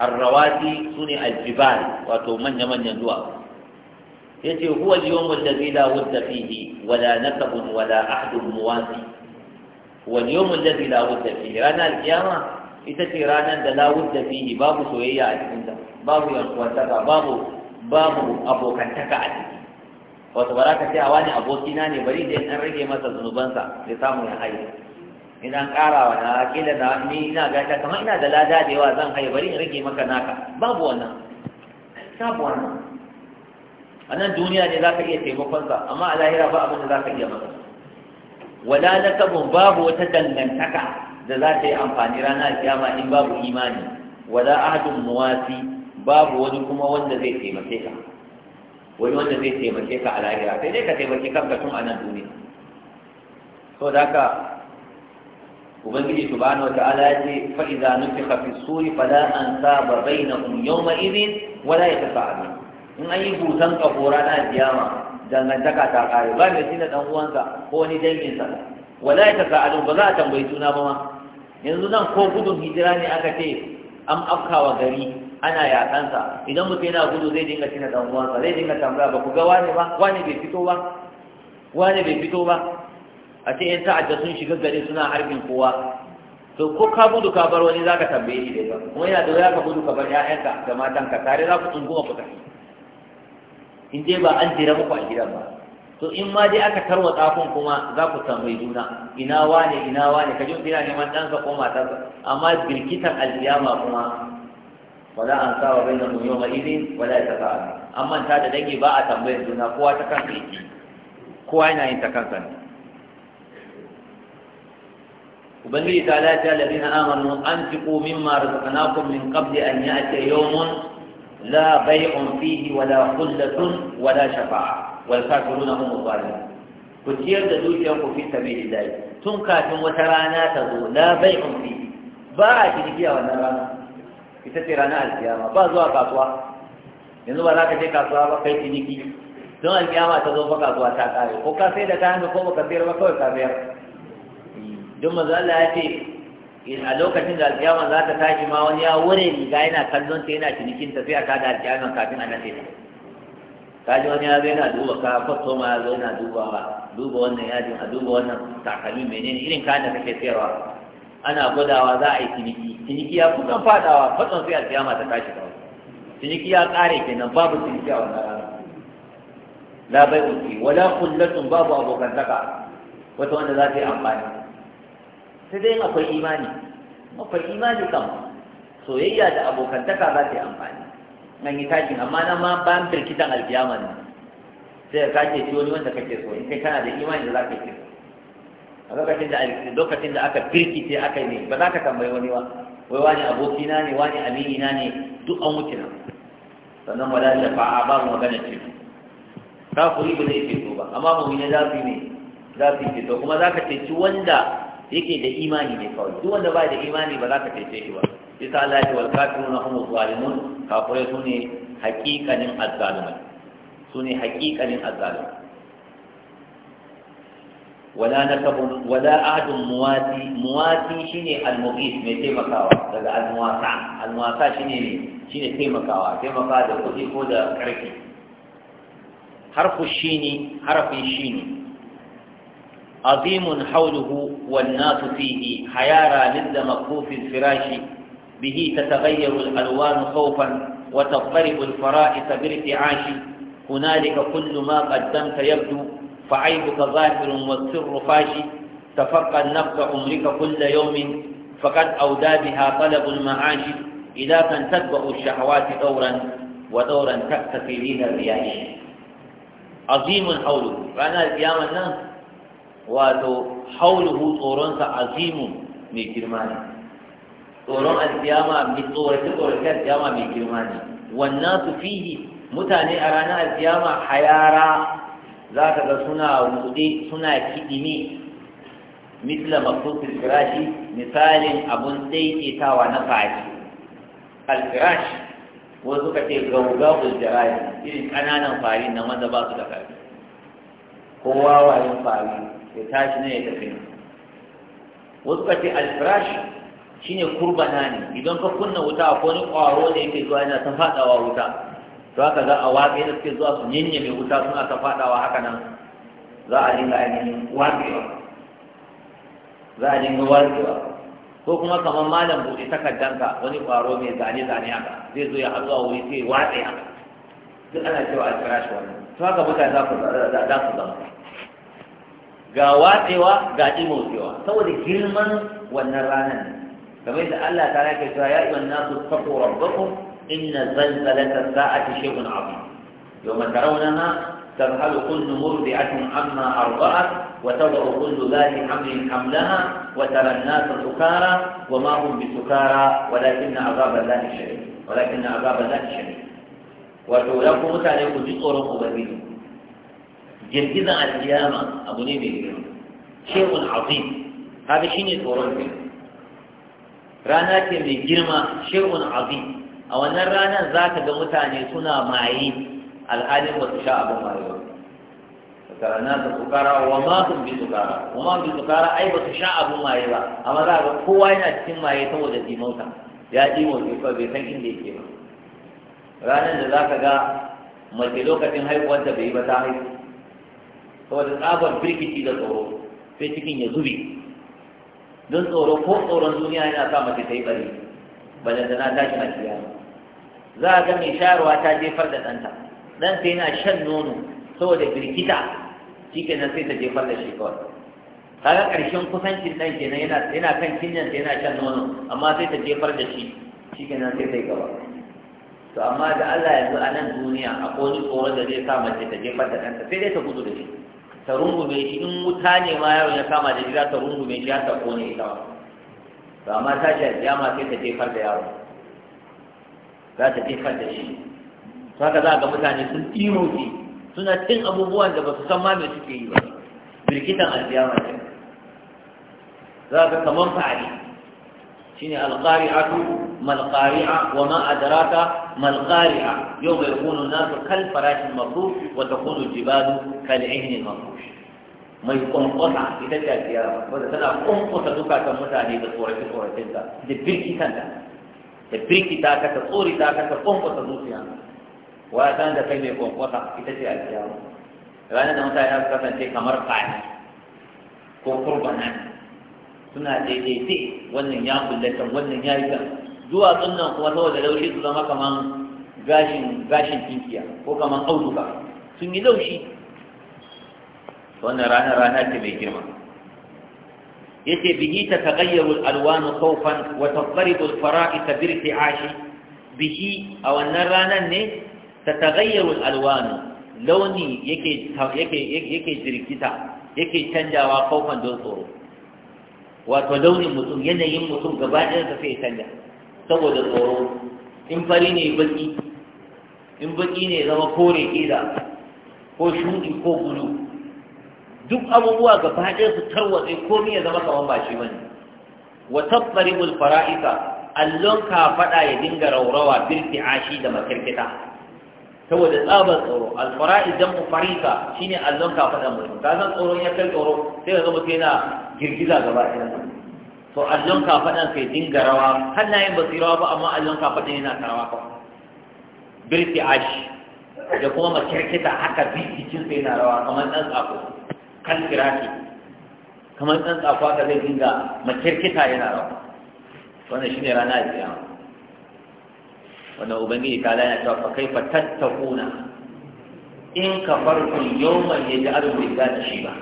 arrawati sune aljibal wato manya manyan duwa yace huwa al-yawm alladhi la wadda fihi wala nasab wala ahad muwasi huwa al-yawm alladhi la wadda fihi rana al-qiyama ita ce ranar da la wadda fihi babu soyayya a cikin ta babu yankuwar babu babu abokantaka a ciki wato ba za ka ce a wani abokina ne bari da in rage masa zunubansa da samu ya haihu Idan an ƙara wa na kila na ni ina gata kamar ina da lada da yawa zan haihu bari in rage maka naka babu wannan babu wannan a nan duniya ne za ka iya taimakonsa amma a lahira ba abin da za ka iya masa wala nasabun babu wata dangantaka da za ta yi amfani ranar kiyama in babu imani wala ahadun muwasi babu wani kuma wanda zai taimake ka wani wanda zai taimake ka a lahira sai dai ka taimake kanka tun a nan duniya to da haka ubangiji wata wata'ala ya ce fa idza nufiqa fi suri fala ansaba bainahum yawma idhin wala ya a yatasaalun in an yi busan kafora na kiyama dangantaka ta kare ba mai tina dan uwansa ko wani danginsa wala ya a tasa'alu ba za a tambayi suna ba ma yanzu nan ko gudun hijira ne aka ce an afkawa gari ana yakansa idan mutum yana gudu zai dinga cina dan uwansa zai dinga tambaya ba ku ga wani ba Wani bai fito ba Wani bai fito ba a ce yan ta'adda sun shiga gari suna harbin kowa to ko ka gudu ka bar wani zaka tambaye shi dai ba kuma yana da wuya ka gudu ka bar ƴaƴanka da matanka tare za ku tsunguma ku tafi in dai ba an jira muku a gidan ba to in ma dai aka tarwa tsafin kuma za ku tambayi juna ina wane ina wane ka ji ina neman ɗansa ko matarsa amma birkitan alkiyama kuma wala an sawa bai nan yau mai izin wala ya tafa an manta da dangi ba a tambayar juna kowa ta kansa yake kowa yana yin ta kansa ne ubangiji ta lati alladhina amanu anfiqu mimma razaqnakum min qabli an ya'ti yawmun la bay'un fihi wala khullatun wala shafa'a wal kafiruna hum adh-dhalimun ku ciyar da dukiyar ku fi sabilillah tun kafin wata rana ta zo la bay'un fihi ba a cikin wannan rana ita ce ranar alkiyama ba zuwa kasuwa yanzu ba za ka je kasuwa ba kai ciniki don alkiyama ta zo ba kasuwa ta kare ko ka sai da kayan ka ko baka sayar ba kawai ka sayar don manzo Allah ya ce a lokacin da alkiyama za ta tashi ma wani ya wure riga yana kallon ta yana cinikin ta sai a tada alkiyama kafin a nace ta kaji wani ya zai na duba ka fasto ma ya zo yana duba duba wannan yajin a duba wannan takalmi menene irin kayan da kake sayarwa ana gwadawa za a yi ciniki ciniki ya kusan fadawa fatsan sai alkiyama ta tashi kawai ciniki ya kare kenan babu ciniki a wannan rana la bai uki wala kullatun babu abokantaka wata wanda za ta yi amfani sai dai akwai imani akwai imani kan soyayya da abokantaka za ta yi amfani nan yi takin amma nan ma bayan birkitan alkiyama ne sai ka ce ci wani wanda kake so in kai kana da imani da za ka yi a lokacin da lokacin da aka firkice aka yi ba za ka tambayi wani ba wai wani abokina ne wani amini na ne duk an wuce na? sannan wala shafa'a ba mu magana ce kafiri ba zai ceto ba amma mu ne zafi ne zafi ce to kuma za ka ceci wanda yake da imani ne kawai duk wanda ba da imani ba za ka ce shi ba isa Allah ya wal na hum zalimun kafirai sune hakikanin azzalimai sune hakikanin azzalimai wala nasabun wala ahadun muwati shine al mai taimakawa daga al shine taimakawa taimakawa da kuɗi ko da ƙarfi harfu shine harfin shine azimun hawluhu wan nasu fihi hayara lidda makufin firashi bihi tatagayyaru al-alwanu khawfan wa tadribu al-fara'is bi kullu ma yabdu فعيبك ظاهر والسر فاشي تفقد نفس عمرك كل يوم فقد أودى بها طلب المعاش إذا كان تتبع الشهوات دورا ودورا تقتفي لها الرياح عظيم حوله فأنا القيامة الناس واتو حوله طورنس عظيم من كرماني طورن القيامة من طورة طورة القيامة من كرماني والناس فيه متاني أرانا القيامة حيارى za ka ga suna rude suna kidime misla maktutul firashi misalin abun daidaitawa na al alfirash wasu suka ce gaugagul jirayi irin ƙananan fari na wanda ba su da ƙarfi kowa yin fari ya tashi ne ya tafi wasu suka ce shi shine kurbana ne idan ka kunna wuta ko ni ƙwaro da yake zuwa yana ta faɗawa wuta to haka za a watsa da suke zuwa su yanyame wuta suna ta faɗawa haka nan za a dinga ainihin watsewa za a dinga watsewa ko kuma kamar malam buɗe takardanka wani ƙwaro mai zane-zane haka zai zo ya haɗu a wuri sai watse haka duk ana cewa a kira shi wannan to haka mutane za su zama ga waɗewa ga imotsewa saboda girman wannan ranar kamar yadda Allah ta rake cewa ya iya nasu su tafi إن زلزلة الساعة شيء عظيم يوم ترونها ترحل كل مرضعة عما أرضعت وتضع كل ذات حمل حملها وترى الناس سكارى وما هم بسكارى ولكن عذاب الله شديد ولكن عذاب الله شديد وتولاكم متعلق بصور أبدين جنتزا القيامة أبو نبي شيء عظيم هذا شيء تورون رانا كم جرمة شيء عظيم a wannan ranar za ka ga mutane suna maye alhalin wasu sha abin maye ba karana da sukara wa ma sun bi sukara wa ma bi sukara ai ba su sha abin maye ba amma za ga kowa yana cikin maye saboda dimauta ya dimo bai fa bai san inda yake ba ranar da za ka ga mace lokacin haihuwarta bai yi ba ta haihu saboda tsabar birkici da tsoro sai cikin ya zube don tsoro ko tsoron duniya yana sa mace ta yi bari ba da na tashi na kiyama za a ga mai shayarwa ta jefar da ɗanta ɗan sai yana shan nono saboda birkita shi kenan sai ta jefar da shi kawai kaga ƙarshen kusancin ɗan ke yana yana kan kinyan sai yana shan nono amma sai ta jefar da shi shi kenan sai ta yi gaba to amma da Allah zo a nan duniya a wani tsoron da zai sa mace ta jefar da ɗanta sai dai ta gudu da shi ta rungume shi in wuta ne ma yaron ya kama da shi za ta rungume shi har ta kone ita ba amma ta shi a sai ta jefar da yaron za ta jefar da shi to haka za ga mutane sun ɗiroki suna cin abubuwan da ba su san ma me suke yi ba birkitan alƙiyama ce za ga kamar fa'ali shine alqari'atu malqari'a wa ma adraka malqari'a yau mai kunu nasu kal farashin mabdud wa takunu al-jibalu kal 'ihni manfush mai kwankwasa ita ce a kiyama wadda tana kwankwasa dukatan mutane da tsorafi tsorafinta da birki ta. ta firkita ka ta tsorita ka ta kwankwasa zuciya wa ya san da kai mai kwankwasa ita ce alkiyama ranar da mutane za su kasance kamar fani ko kurbana suna daidaite wannan ya kullata wannan ya yi kan zuwa sunan kuma saboda laushi su zama kamar gashin gashin tinkiya ko kamar auduka, sun yi laushi wannan ranar rana ce mai girma yake bihi ta al alwanu khawfan wa tadribu al-fara'is bi bihi a wannan ranan ne ta al alwanu launi yake yake yake jirkita yake canjawa khawfan don tsoro wato launin mutum yanayin mutum gaba ɗaya ta sai canja saboda tsoro in fari ne baki in baki ne zama kore kila ko shudi ko bulu duk abubuwa ga ɗaya su tarwatse komai ya zama kamar ba shi bane wa tafaribul fara'ika allon ka faɗa ya dinga raurawa birti ashi da makirkita saboda tsabar tsoro alfara'i dan farika shine allon ka faɗa mutum ka san tsoron ya kai tsoro sai ka zama yana girgiza gaba ɗaya to allon ka faɗan sai dinga rawa hannayen ba su rawa ba amma allon ka faɗan yana tarawa kawai birti ashi da kuma makirkita haka bi cikin sai yana rawa kamar ɗan tsako kan kiraki kamar ɗan tsafa ka zai dinga makirkita yana rawa wannan shi ne rana a tsiyama wannan ubangiji ta lana cewa fa kai fa tattakuna in ka farkon yawman ya ji arun za da shi ba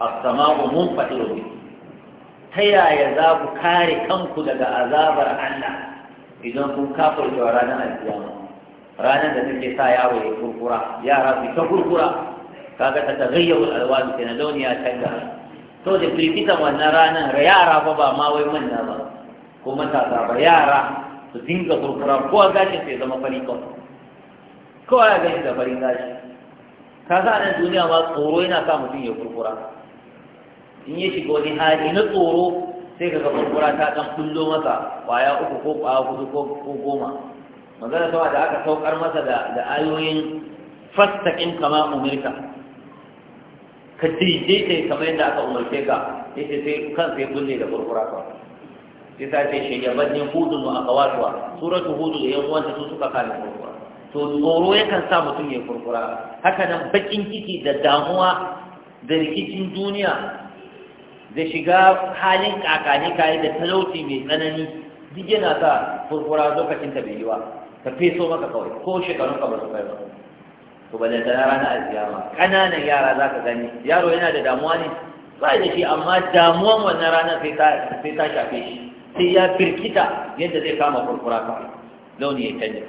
a sama'u mun faɗi rubi ta yaya za ku kare kanku daga azabar Allah idan kun kafar cewa ranar alkiyama ranar da take sa yawo ya kurkura yara su ta kurkura kaga ta tagayyaru alwanu kenan launi ya canza to da firfitan wannan ranar yara ba ba ma wai manna ba ko matasa ba yara su dinga kurkura ko a gashin sai zama fari kawai kawai a gashi da farin gashi ka sa nan duniya ma tsoro yana sa mutum ya kurkura in ya shiga wani hali na tsoro sai ka ga kurkura ta ɗan kullo masa ƙwaya uku ko ƙwaya hudu ko goma magana tawa da aka saukar masa da ayoyin fastaqim kama umirta ka daidaita kamar yadda aka umarce ka ya ce sai kan sai bulle da kurkura ka sai ta ce shi yaban ne hudun wa akawatuwa suratu hudu da yan uwanta su suka kame kurkura to tsoro yakan sa mutum ya kurkura haka nan bakin ciki da damuwa da rikicin duniya da shiga halin kakani kayi da talauci mai tsanani duk yana sa kurkura lokacin ta bai yi ba ka feso maka kawai ko shekarun ka ba su kai ba to balle ta rana a ziyama ƙananan yara za ka gani yaro yana da damuwa ne ba da shi amma damuwan wannan ranar sai ta shafe shi sai ya firkita yadda zai kama kurkura ka launi ya canja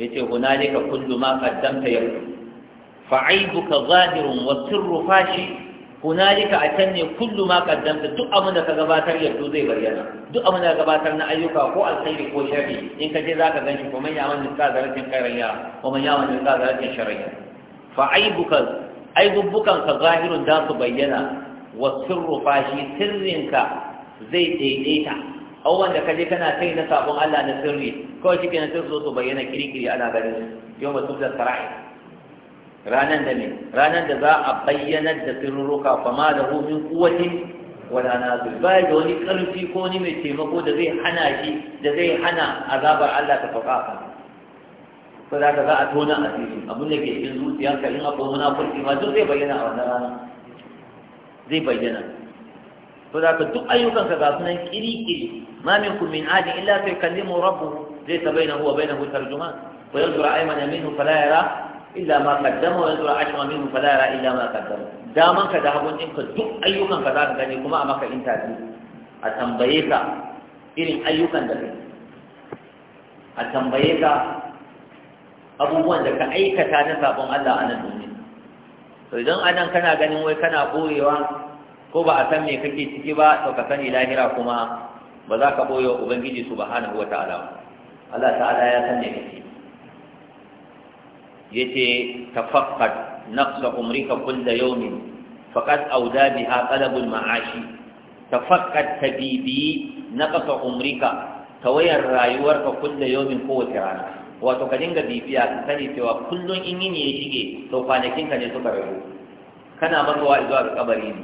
ya ce hunalika kullu ma qaddamta yakun fa'ibuka zahirun wa sirru fashi hunalika a can ne kullu ma kaddamta duk abin da ka gabatar yanzu zai bayyana duk abin da ka gabatar na ayyuka ko alkhairi ko sharri in ka je za ka ganshi kuma ya wani ka zarafin karayya kuma ya wani sa zarafin sharriya fa aibuka aibubbukan ka zahirun da su bayyana wa sirru fashi sirrinka zai daidaita au wanda ka je kana kai na sabon Allah na sirri kawai shi ke na kenan so su bayyana kirkiri ana ganin yau ba su da sarai Ranar da ne ranan da za a bayyanar da sirruka fama da min kuwatin wala nazir ba da wani karfi ko wani mai taimako da zai hana shi da zai hana azabar Allah ta sauka kan ko da za a tona asiri abin da ke cikin zuciyarka in akwai munafurci ma duk zai bayyana a wannan rana zai bayyana to da duk ayyukanka ga sunan kirikiri ma minkum min adin illa sai kallimu rabbuhu zai tabaina huwa bainahu tarjuman wa yanzura aymana minhu fala yara illa ma qaddama wa yanzura ashra minhum fala illa ma qaddama daman da hagun ɗinka duk ayyukan za ka gani kuma a maka interview a tambaye ka irin ayyukan da kai a tambaye ka abubuwan da ka aikata na sabon Allah a nan duniya anan kana ganin wai kana boyewa ko ba a san me kake ciki ba to ka kuma ba za ka boye wa ubangiji Allah ta'ala ya san me yace tafaqqad naqsa umrika kulla yawmin faqad awda biha talabul ma'ashi tafaqqad tabibi naqsa umrika tawayar rayuwarka kulla yawmin kowace rana wato ka dinga bibiya ka sani cewa kullum in yini ya shige to kwanakin ka ne suka rayu kana matsawa zuwa ga kabari ne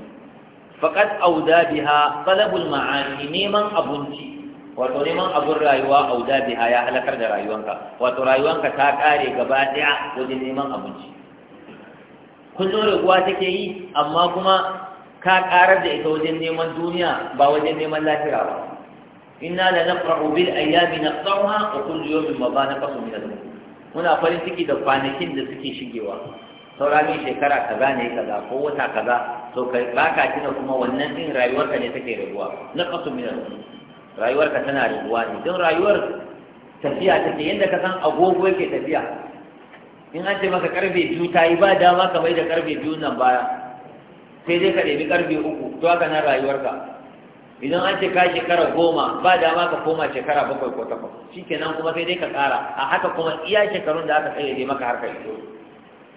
faqad awda biha talabul ma'ashi neman abinci wato neman abin rayuwa a wuda biya ya halakar da rayuwanka wato rayuwanka ta kare gaba daya wajen neman abinci kullum raguwa take yi amma kuma ka karar da ita wajen neman duniya ba wajen neman lafiya ba inna la nafrahu bil ayami naqtaha wa kullu yawmin ma bana kasu min al muna farin ciki da kwanakin da suke shigewa sauramin shekara kaza ne kaza ko wata kaza to kai baka kina kuma wannan din rayuwarka ne take raguwa, na min al rayuwarka tana rayuwa ne don rayuwar tafiya ta ke yadda ka san agogo yake tafiya in an ce maka karfe biyu ta yi ba dama ka mai da karfe biyu nan baya sai dai ka ɗabi karfe uku to haka nan rayuwarka idan an ce ka shekara goma ba dama ka koma shekara bakwai ko takwas kenan kuma sai dai ka ƙara a haka kuma iya shekarun da aka tsaye maka harka ido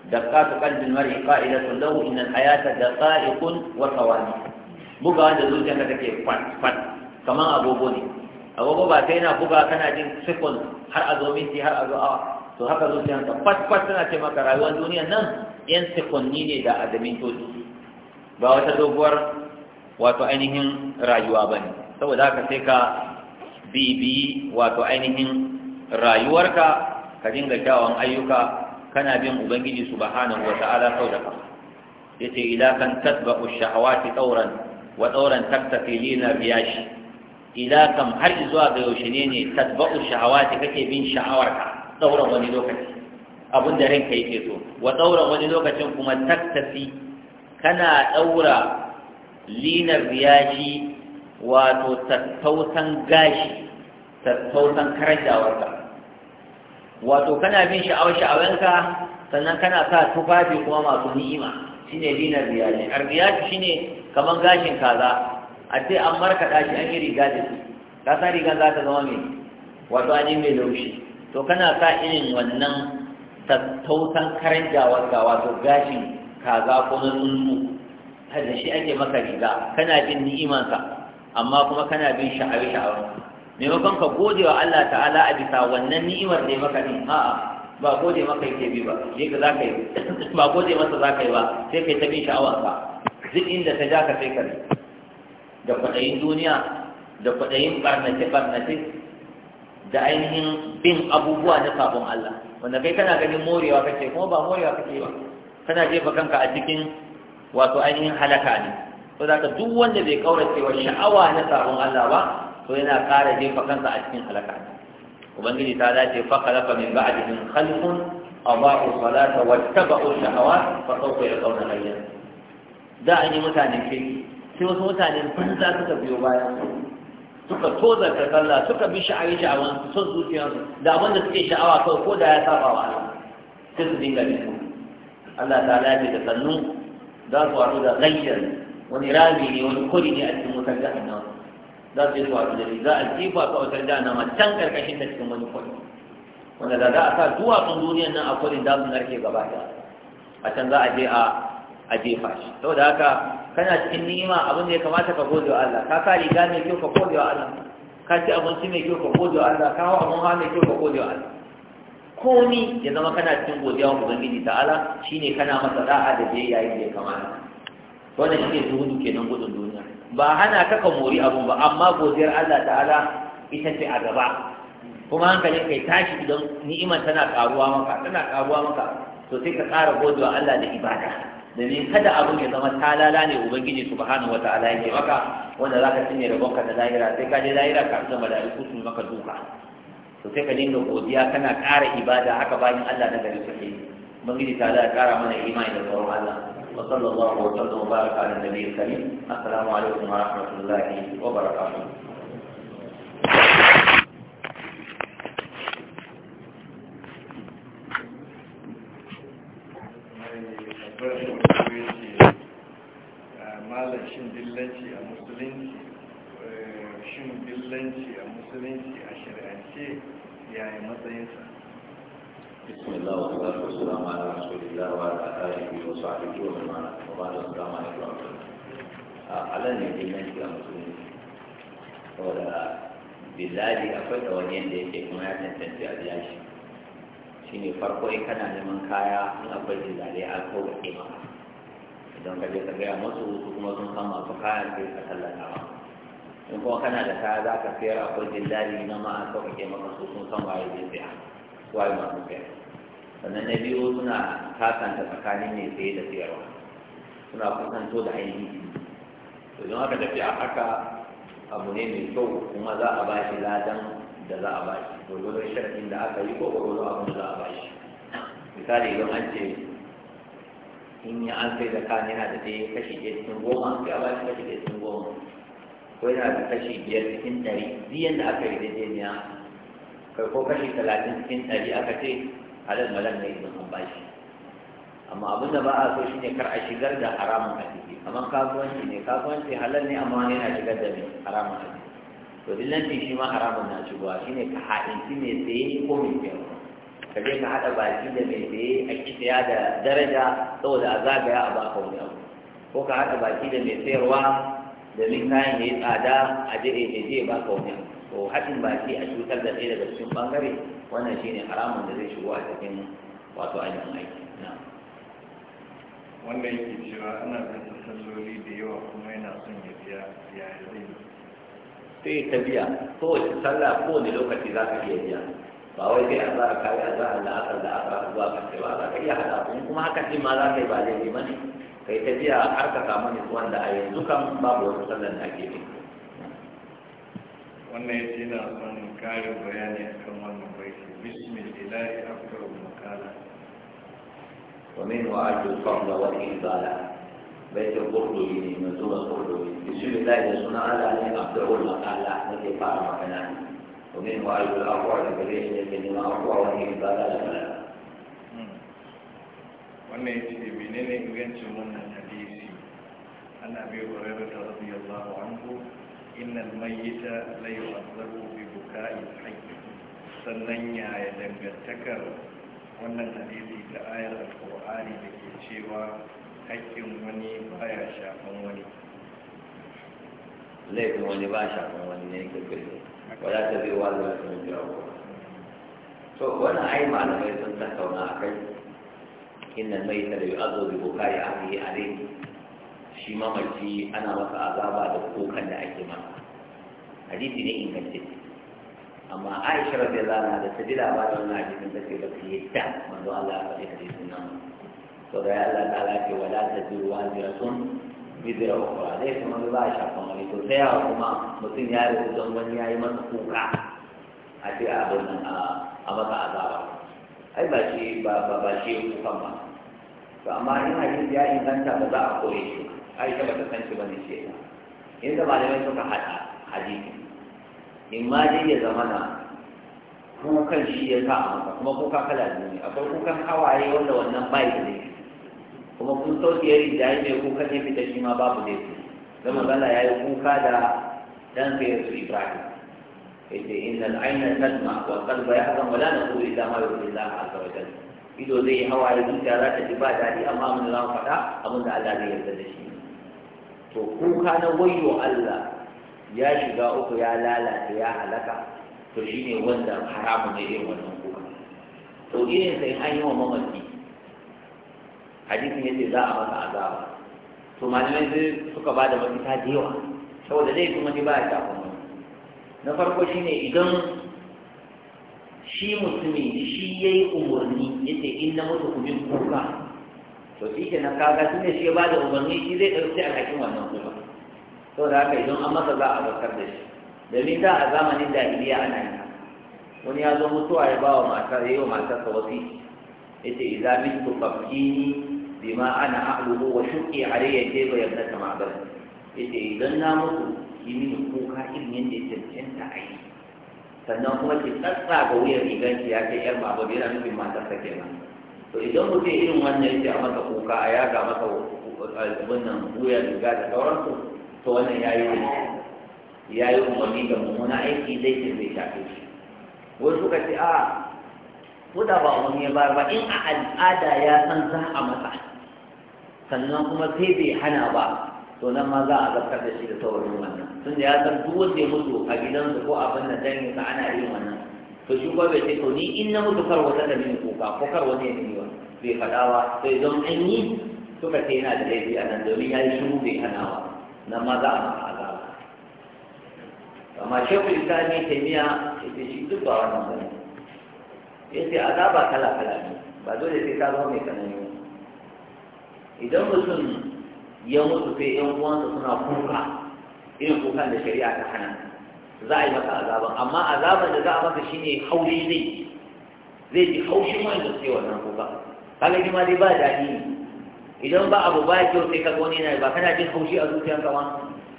دقات lau المرء قائلة له إن wasa wani bugawa da هذا ka take fat fat. kamar agogo ne agogo ba ta yana buga kana jin second har a zo minti har a zo awa to haka zuciyarka fat-fat tana ce maka rayuwar duniya nan yan sekonni ne da adamin toji ba wata doguwar wato ainihin rayuwa ba ne saboda haka sai ka bibi wato ainihin rayuwarka ka dinga kyawun ayyuka kana bin ubangiji subhanahu wata'ala sau da kafa yace idan kan tasba'u shahawati tauran wa tauran taktafilina biyashi ila kam har zuwa ga yaushe ne ne tatba'u shahawati kake bin sha'awarka sauran wani lokaci abin da ranka yake so wa sauran wani lokacin kuma taktasi kana daura linar riyashi wato tattausan gashi tattausan karashawarka wato kana bin sha'awar sha'awanka sannan kana sa tufafi kuma masu ni'ima shine linar riyashi ar riyashi shine kaman gashin kaza a ce an markaɗa shi an yi riga da su. ka sa riga za ta zama mai wato an yi mai laushi to kana sa irin wannan tattautan karen ga wato gashin kaza ko na ta da shi ake maka riga kana jin ni'imansa amma kuma kana bin sha'awi sha'awar maimakon ka gode wa Allah ta'ala a bisa wannan ni'imar da ya maka din a'a ba gode maka yake bi ba sai ka zaka yi ba gode masa zaka yi ba sai kai ta bin sha'awar ka duk inda ta ja ka sai ka da kwaɗayin duniya da kwaɗayin ɓarnace-ɓarnace da ainihin bin abubuwa na sabon Allah wanda kai kana ganin morewa kake kuma ba morewa kake ba kana jefa kanka a cikin wato ainihin halaka ne za da duk wanda bai kaurace wa sha'awa na sabon Allah ba to yana ƙara jefa kansa a cikin halaka ne ubangiji ta dace fa khalaqa min ba'dihim khalqun أضاعوا الصلاة واتبعوا الشهوات فسوف يلقون غيا da an yi mutanen kirki sai wasu mutane banza suka biyo baya suka toza ka sallah suka bi sha'ayi sha'awan son zuciyarsu da abin da suke sha'awa kawai ko da ya saba wa sai su dinga bi Allah ta lafi da sannu za su wato da ghayyar wani rami ne wani kuri ne a cikin wutar da jahannama za su yi su wato da za a jefa su a da jahannama can karkashin ta cikin wani kuri wanda da za a sa duwatsun duniyar nan a kurin da su narke gaba ɗaya a can za a je a a jefa shi da haka kana cikin ni'ima abin da ya kamata ka gode wa Allah ka kare riga mai kyau ka gode wa Allah ka ci abinci mai kyau ka gode wa Allah ka hawa abin hawa mai kyau ka gode wa Allah komi ya zama kana cikin godiya wa ubangiji ta'ala shine kana masa da'a da biyayya yayin da ya kamata wannan shine zuhudu kenan gudun duniya ba hana ka ka mori abu ba amma godiyar Allah ta'ala ita ce a gaba kuma hankalin kai tashi idan ni'imar tana karuwa maka tana karuwa maka to sai ka kara godiya Allah da ibada domin kada abin ya zama talala ne ubangiji subhanahu wa ta'ala yake maka wanda zaka cinye rabonka na lahira sai ka je lahira ka ga mala'iku su maka duka to sai ka dinga godiya kana ƙara ibada haka bayan Allah na gari suke ubangiji ta da ƙara mana imani da tsoron Allah wa sallallahu wa sallam wa baraka ala nabiyyi karim assalamu alaikum wa rahmatullahi wa barakatuh tambayar mutum eh, dillanci a musulunci a musulunci a yayin matsayinsa bismillah wa ah, ne dillanci a musulunci saboda billahi akwai da wani yake kuma ya a shi ne farko in kana neman kaya in akwai zilale a kawo ke ma idan ka je ka gaya masu su kuma sun san masu kayan ke ka tallata ba in kuma kana da kaya za ka sayar kwai zilale na ma an sauƙaƙe maka su sun san waye zai saya waye masu saya sannan na biyu suna kasanta tsakanin mai saye da sayarwa suna kusanto da ainihi to don haka tafi a haka abu ne mai kyau kuma za a ba shi ladan da za a ba shi gwargwadon sharadin da aka yi ko gwargwadon abin da za a ba shi misali idan an ce in ya an sai da kan yana da ɗaya kashi ɗaya cikin goma sai a ba shi kashi ɗaya cikin goma ko yana da kashi biyar cikin ɗari biyan da aka yi ne kai ko kashi talatin cikin ɗari aka ce halal malam ne idan an ba shi amma abin da ba a so shine kar a shigar da haramun a ciki amma kasuwanci ne kasuwanci halal ne amma yana shigar da haramun a ciki to dillanci shi ma haramun na shigowa shine ne ka haɗinci mai tsaye ko mai tsaye ka je ka haɗa baki da mai tsaye a kitaya da daraja saboda a zagaya a baka wani abu ko ka haɗa baki da mai sayarwa domin kayan ya tsada a je ya je baka wani abu to haɗin baki a cutar da ɗaya daga cikin ɓangare wannan shine haramun da zai shigo a cikin wato ainihin aiki wannan yake cewa ana bin salloli da yawa kuma yana son ya biya ya zai sai ta biya kowace sallah kowane lokaci za ka iya biya ba wai sai a za a kare a za a la'asar da aka zuwa karshe ba za ka iya haɗa kuma kuma haka ce ma za ka yi ba zai yi bane kai ta biya har ka samu ne wanda a yanzu kan babu wata sallar da ake yi wannan yace na son karin bayani akan wannan baiti bismillah afkaru makala ومنه أجل الفضل والإنزال بيت القردوي منظومة القردوي بسم الله يسمى على أن أقرأ المقالة التي قال مكانها ومنه أجل الأقوى لبريش لكن ما أقوى وهي إبادة لفلا wannan ya ce menene ingancin wannan hadisi an abi hurairah radiyallahu anhu innal mayyita la yu'adhabu bi buka'i hayy sannan yaya dangantakar wannan hadisi da ayar alqur'ani da ke cewa hakkin wani baya shafan wani laifin wani ba shafan wani ne ke kai wadda ta zai wa zai sun jawo to wani ai malamai sun tattauna a kai inna mai ta da yu'azu bi bukari a rai? shi mamaci ana masa azaba da kokan da ake masa hadisi ne ingantacce amma Aisha radiyallahu anha da ta ba da wannan hadisin da ke da yadda manzo Allah ya faɗi hadisin nan saboda ya Allah ta lafi wala ta biyu wa zira sun bidira wa kura zai kuma ba a shafan wani to sai kuma mutum ya rubu don wani ya yi masa kuka a ce a abin nan a masa azaba ba shi ba kukan ba to amma in hadisi ya inganta ba a kore shi aisha ba san shi ba ne shi inda malamai suka haɗa hadisi in ma ya kukan shi ya sa a kuma kuka kala ne akwai kukan hawaye wanda wannan bai da kuma kun sauke ya rijaye mai kuka ya fita shi ma babu laifi zama zala ya yi kuka da dan sai su ibrahim ya ce inna al'aina tadma wa qalba yahzan wa la naqulu illa ma yau Allah za wa jalla ido zai yi hawaye zuciya za ta ji ba daɗi amma mun za mu faɗa abin da Allah zai yarda da shi to kuka na wayo Allah ya shiga uku ya lalata ya halaka to shine wanda haramun ne irin wannan kuka to irin sai an yi wa mamaki hadisin ya ce za a masa azaba to malamai sai suka ba da mafita da yawa saboda zai kuma ne ba ya shafin wani na farko shine idan shi musulmi shi ya yi umarni ya ce in na mutu ku min kuka to shi ke nan kaga tun da shi ya ba da umarni shi zai ɗauki alhakin wannan kuma saboda haka idan an masa za a zartar da shi domin da a zamanin jahiliya ana yi wani ya zo mutuwa ya ba wa matar ya yi wa matarsa wasi yace idza mitu fafkini bima ana a'luhu wa shuqi alayya jayba ya ibnata ma'bar yace idan na mutu yi mini kuka irin yadda ya cancanta a yi sannan kuma ki tsatsa ga wuyan rigar ki ya kai yar babu yana nufin matar sa kenan to idan mutum irin wannan yace a masa kuka a yaga masa wannan wuyan riga da sauransu to wannan ya yi ya yi umarni ga mummuna aiki zai ce zai shafe shi wasu suka ce a ko da ba umarni ya bayar ba in a al'ada ya san za a masa sannan kuma sai bai hana ba to nan ma za a zartar da shi da tsawon wannan tun da ya san duk wanda ya mutu a gidansu ko abin da dangin sa ana yin wannan to shi kuma bai ce to ni in na mutu kar wata da mini kuka ko kar wani ya mini wa bai faɗa ba sai don an yi suka ce yana da laifi a nan domin ya yi shiru bai hana ba nan ma za a masa azaba amma shekul islami taimiya ya ce shi duk ba wannan ba ya ce azaba kala kala ne ba dole sai ta zama mai tsanani ba idan mutum ya mutu sai yan uwansa suna kuka irin kukan da shari'a ta hana za a yi masa azaban amma azaban da za a masa shine haushi zai zai ji haushin wanda suke wannan kuka kaga ji ma dai ba daɗi ne idan ba abu ba kyau sai ka wani yana ba kana jin haushi a zuciyar kama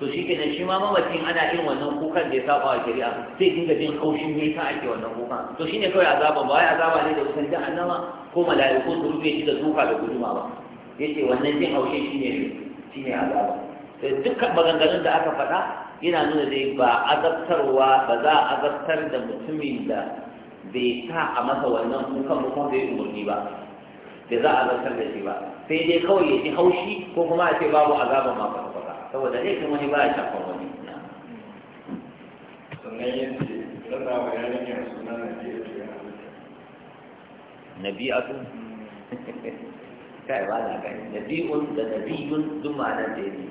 to shi kenan shi ma mamacin ana yin wannan kukan da ya saba wa shari'a zai dinga jin haushin ne ka ake wannan kukan to shine kawai azaban ba wai azaba ne da wutan jahannama ko mala'iku su rufe shi da duka da guduma ba ce wannan jin ne shine ne azaba sai dukkan maganganun da aka faɗa yana nuna dai ba azabtarwa ba za a azabtar da mutumin da bai sa a masa wannan kukan kuma bai umarni ba bai za a azabtar da shi ba sai dai kawai ya ji haushi ko kuma a ce babu azaban ma ba ba saboda dai kuma wani ba a shafa wani sannan na biya kai ba na gani nabi'un da nabiyun duk ma'ana da ne.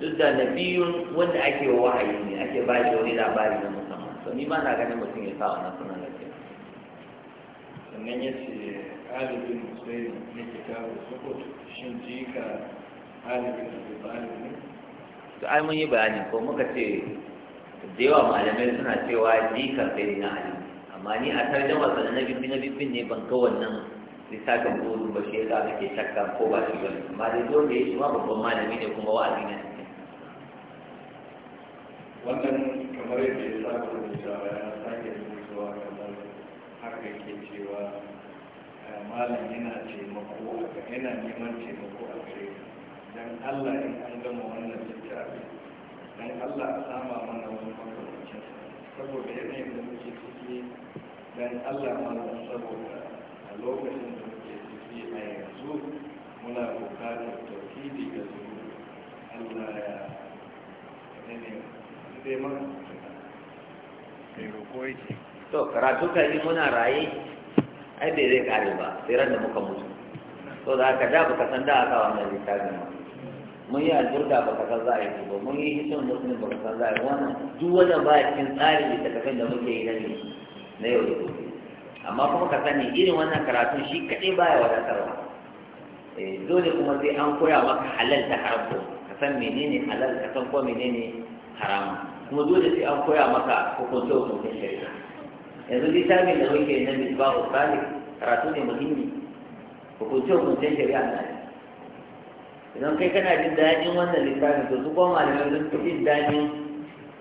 duk da nabiyun wanda ake wa wahayi ne ake ba shi wani labari na musamman to ni ma na ganin mutum ya sa wannan sunan da ke sannan ya ce ɗalibin musulmi ne ke kawo sokoto shin jika ɗalibin da ɗalibin ne to ai mun yi bayani ko muka ce da yawa malamai suna cewa jika sai na ali amma ni a tarjama sanan na bibbi na bibbin ne ban ga wannan littafin goro ba shi yasa ake shakka ko ba shi Ba amma dai dole ya shi ma babban malami ne kuma wa'azi ne wannan kamar yadda ya saba da jawa ya sake zuwa kamar haka ke cewa eh, malam yana taimako yana neman taimako a gare dan Allah in an gama wannan littafi dan Allah a sama mana wani makamancin saboda yanayin da muke ciki dan Allah ma saboda lokacin da muke ciki a yanzu muna bukatar tauhidi da zuwa allah ya ne dai ne mai roƙo yake to karatu ka yi muna raye ai bai zai kare ba sai ran da muka mutu to da aka da baka san da aka wannan littafin ba mun yi azurda baka san za a yi ba mun yi hisin musulun baka san za a yi wannan duk wannan ba cikin da littattafan da muke yi na ne na yau da gobe amma kuma ka sani irin wannan karatun shi kaɗai baya wadatarwa eh, dole kuma sai an koya maka halal ta haramta ka san menene halal ka san ko menene haram kuma dole sai an koya maka hukunce hukuncin shari'a yanzu littafin da muke na misbahu salih karatu ne muhimmi hukunce hukuncin shari'a na idan kai kana jin daɗin wannan littafin to su koma da sun su jin daɗin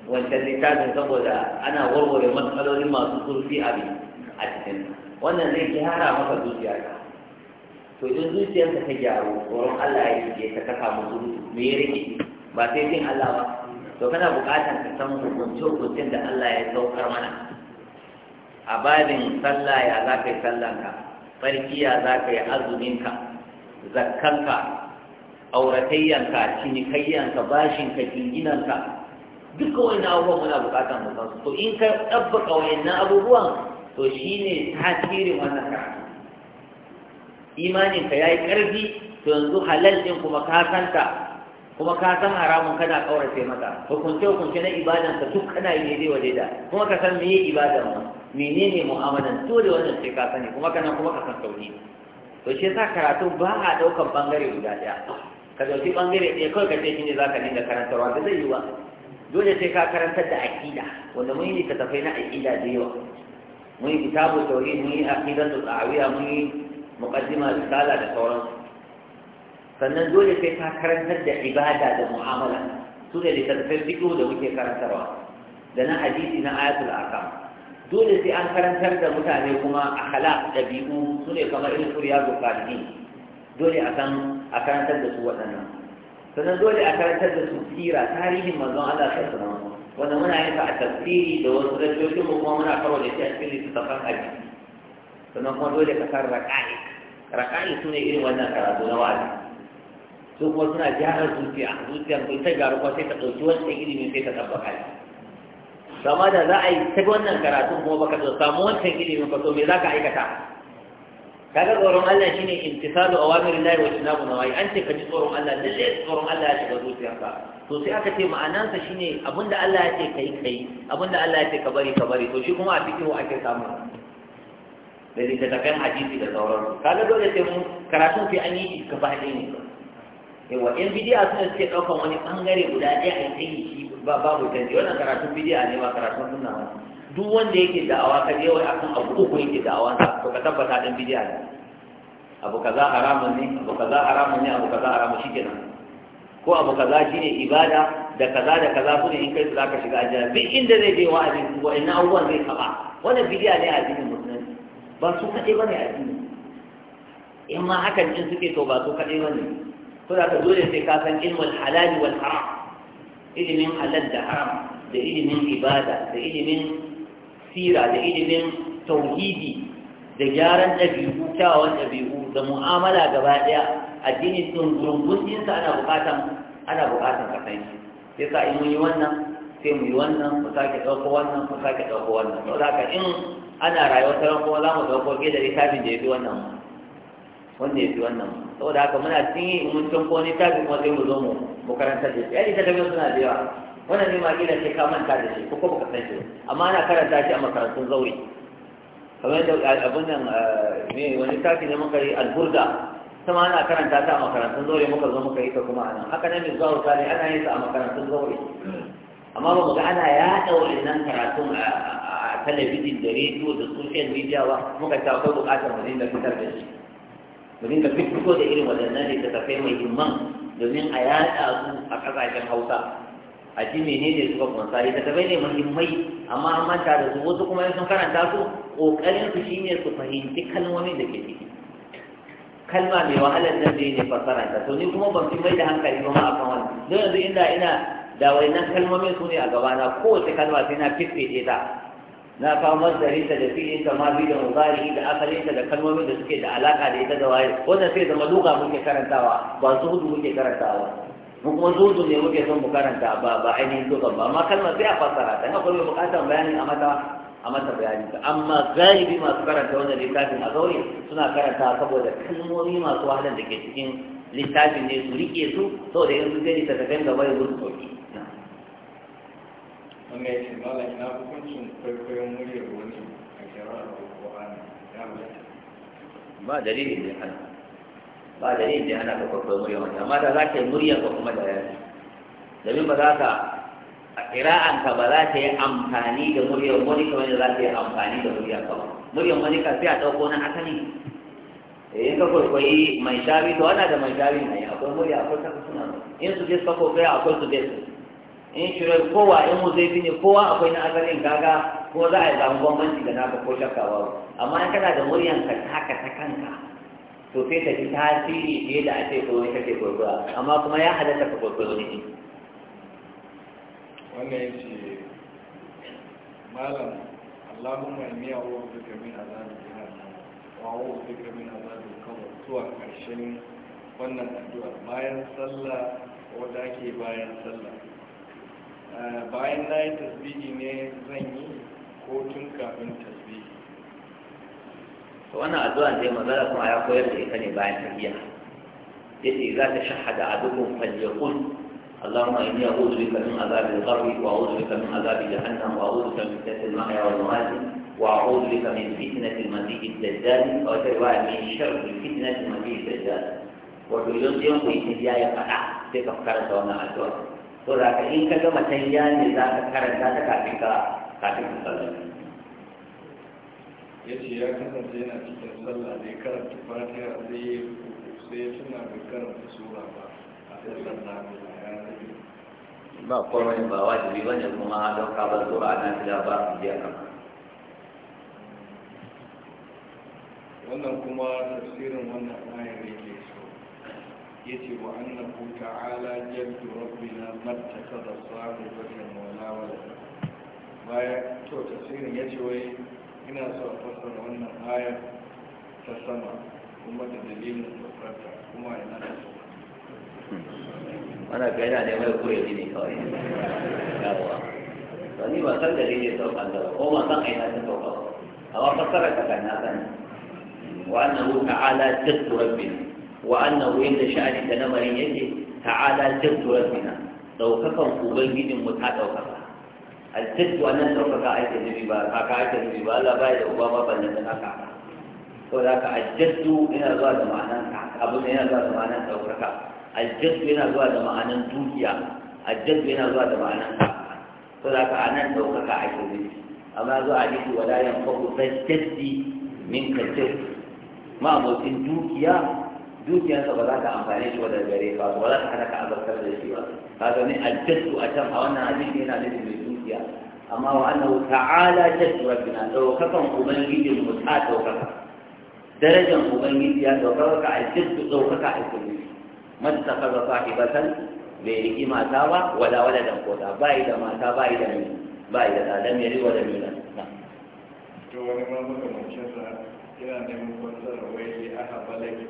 wancan littafin saboda ana warware matsalolin masu kurfi abin a cikin wannan zai gyara maka zuciyarka to idan zuciyarka ta gyaru tsoron Allah ya yi ta kasa musu me ya rike ba sai jin Allah ba to kana buƙatar ka san hukuncin hukuncin da Allah ya saukar mana a babin sallah ya za ka yi sallanka farki ya za ka yi azuminka zakkanka auratayyanka cinikayyanka bashinka jinginanka duka wani abubuwan muna buƙatar mu san su to in ka ɗabbaka na abubuwan to shine tasirin wannan karatu imaninka ya yi ƙarfi to yanzu halal ɗin kuma ka santa kuma ka san haramun kana ƙaurace mata hukunce hukunce na ka duk kana yi daidai wa daida kuma ka san me yi ibadan ma menene mu'amalan to da wannan sai ka sani kuma kana kuma ka san sauri to shi yasa karatu ba a ɗaukan ɓangare guda ɗaya ka ɗauki ɓangare ɗaya kawai ka ce shi ne za ka dinga karantarwa da zai yi wa? dole sai ka karantar da aƙida wanda mun yi tafai na aƙida da yawa mun yi kitabu tauhid mun yi aqidatu da'awiyya mun yi muqaddima risala da sauransu sannan dole sai ka karantar da ibada da mu'amala su ne littattafai fiƙo da muke karantarwa da na hadisi na ayatul akam dole sai an karantar da mutane kuma akhlaq ɗabi'u su ne kamar irin kuriya, riyadu dole a san a karantar da su waɗannan sannan dole a karantar da su sira tarihin manzon Allah sallallahu alaihi wanda muna yin a tafsiri da wasu jirgin mu kuma muna kawo da shi a cikin littattafan aji sannan kuma dole ka san raƙa'i raƙa'i su ne irin wannan karatu na wani su kuma suna gyara zuciya zuciya ko ta gyaru kuma sai ta ɗauki wancan ilimin sai ta tabbaka shi sama da za a yi ta wannan karatun kuma baka ka samu wancan ilimin ba to me za ka aikata kaga tsoron Allah shine imtisalu awamirin lahi wa tinabu nawai an ce ka ji tsoron Allah lalle tsoron Allah ya shiga zuciyarka to sai aka ce ma'anansa shine abinda Allah ya ce kai kai abinda Allah ya ce ka bari ka bari to shi kuma a fikihu ake samu da littattafan hadisi da sauran. kaga dole sai mun karatun sai an yi ka faɗi ne yawa yan bidiya suna ce ɗaukan wani ɓangare guda ɗaya a yi shi babu canji wannan karatun bidiya ne ba karatun sunna ba duk wanda yake da'awa ka je wai akan abu uku yake da'awa to ka tabbata dan bidiya ne abu kaza haramun ne abu kaza haramun ne abu kaza haramun kenan ko abu kaza shine ibada da kaza da kaza su ne in kai su zaka shiga ajiyar. duk inda zai je wa'azi ko ina abubuwan zai kaba Wani bidiya ne a addinin musulunci ba su kaɗai ba ne a addini in ma hakan in suke to ba su kaɗai ba ne ko da ka dole sai ka san ilmul halali wal haram ilimin halal da haram da ilimin ibada da ilimin sira da ilimin tauhidi da gyaran ɗabi'u kyawawan ɗabi'u da mu'amala gaba ɗaya addini sun rungunin sa ana bukatan ana bukatan ka san shi sai ka in yi wannan sai mu yi wannan mu sake dauko wannan mu sake dauko wannan to da in ana rayuwa ta kuma za mu dauko ke da litafin da ya fi wannan wanda ya fi wannan saboda haka muna cinye mun tun ko ta kuma sai mu zo mu mu karanta da shi ai ta gaban suna da yawa wannan ne ma gina sai ka manta da shi ko ko ka san shi amma ana karanta shi a makarantun zauri kamar da abun nan wani tafi da muka yi alburda ta ana karanta ta a makarantun zaure muka zo muka yi ta kuma ana haka nan mai zuwa ne ana yin ta a makarantun zaure amma ba mu ga ana yaɗa nan karatun a talabijin da rediyo da social media ba muka ta akwai buƙatar mu dinga fitar da shi mu dinga fito da irin waɗannan ne da tafai mai himman domin a yaɗa su a ƙasashen hausa a ji menene suka kunsa ita ta bai ne muhimmai amma an manta da su wasu kuma sun karanta su ƙoƙarin su shine su fahimci kalmomin da ke ciki kalma mai wahalar nan dai ne fassara ta to ni kuma ban fi mai da hankali ba ma akan wani, don yanzu inda ina da wayannan kalmomin su ne a gabana kowace kalma sai na fiffice ta na kawo ta da ta ma bi da mubari da da kalmomin da suke da alaka da ita da waye wannan sai zama duka muke karantawa ba su hudu muke karantawa mu kuma zuzu ne muke son mu karanta ba ba ainihin lugan ba amma kalma sai a fassara ta na kuma bukatar bayani a mata a masa bayani ba amma galibi masu karanta wannan littafin a zaure suna karanta saboda kalmomi masu wahalar da ke cikin littafin ne su rike su saboda yanzu zai ta da bai ya zuwa sauki wanda ya ce malam ina hukuncin kwaikwayon murya wani a shari'ar alƙur'ani ya ba dalilin da hana ba dalilin da hana ka kwaikwayon murya wani amma da za ka yi murya ka kuma da yaki domin ba za ka a ta ba za ta yi amfani da muryar wani za ta yi amfani da muryar ka ba muryar wani ka sai a ɗauko na asali eh, in ka kwaikwayi mai shabi to ana da mai shabi ne akwai murya akwai ta suna in su je suka kai akwai su je su in shirai kowa in mu zai ne kowa akwai na asalin gaga ko za a yi samun gwamnati da naka ko shakawa ba amma in kana da muryar ka taka ta kanka to sai ta fi tasiri fiye da a ce ko wani kake kwaikwaya amma kuma ya halatta ka kwaikwaya wani wannan ya ce malam allahumma inni a wa duka min azabin jihannam wa wa kamin a azabin kawo zuwa karshen wannan addu'a bayan sallah wadda ake bayan sallah eh, bayan na yi tasbihi ne zan yi ko tun kafin tasbihi to wannan addu'a zai magana kuma ya koyar da ita ne bayan tafiya yace za ta shahada adukum falyakun اللهم إني أعوذ بك من عذاب القبر وأعوذ بك من عذاب جهنم وأعوذ بك من كسر المحيا والممات وأعوذ بك من فتنة المسيح الدجال وأتبع من شر فتنة المسيح الدجال وتجد يوم إتجاه فتح تفكر سوانا أسوأ فذاك إنك كما تنجاني لذاك كرتا تكافيك كافيك سلام ya ce ya kasance yana cikin sallah da karanta fatiha sai ya tuna bai karanta sura ba a sallar ba komai ba wajibi bane kuma don kaba ba zuwa nan da ba su biya kama. wannan kuma tafsirin wannan ayar yake so yace wa annahu ta'ala jaddu rabbina mattakhadha sahibatan wala walada baya to tafsirin ya yace wai ina so a fassara wannan ayar ta sama kuma da dalilin fassarta kuma ina da so hmm. ana kai na neman koyari ne kawai yawa to ni ba san da ne sauka da ba ko ma san aina ta sauka ba amma fassara ta kan na sani wa annahu ta'ala jaddu rabbina wa annahu inda sha'ani da namarin yake ta'ala jaddu rabbina daukakan ubangijin mu ta daukaka aljaddu anan daukaka ake nufi ba kaka ake nufi ba Allah bai da uba ba balle da kaka saboda haka aljaddu ina zuwa da ma'anar abin yana zuwa da ma'anar daukaka aljadu yana zuwa da ma'anan dukiya aljadu yana zuwa da ma'anan to da ka anan ɗaukaka a kirki amma zuwa hadisi wala yanfa'u tajdi min kajir ma abokin dukiya dukiyarsa ba za ka amfani shi wadda gare ka ba za ka hana ka azabtar da shi ba ka ga ne a can a wannan hadisi yana nufin mai dukiya amma wa annahu ta'ala jaddu rabbina daukakan ubangiji mu ta daukaka darajan ubangiji ya daukaka aljaddu daukaka alkulli man takaza sahibatan bai riki mata ba wala wala dan kota bai da mata bai da miji bai da da dan yari wala miji to wani ma muka mace sa yana kwanta da wai aka balagi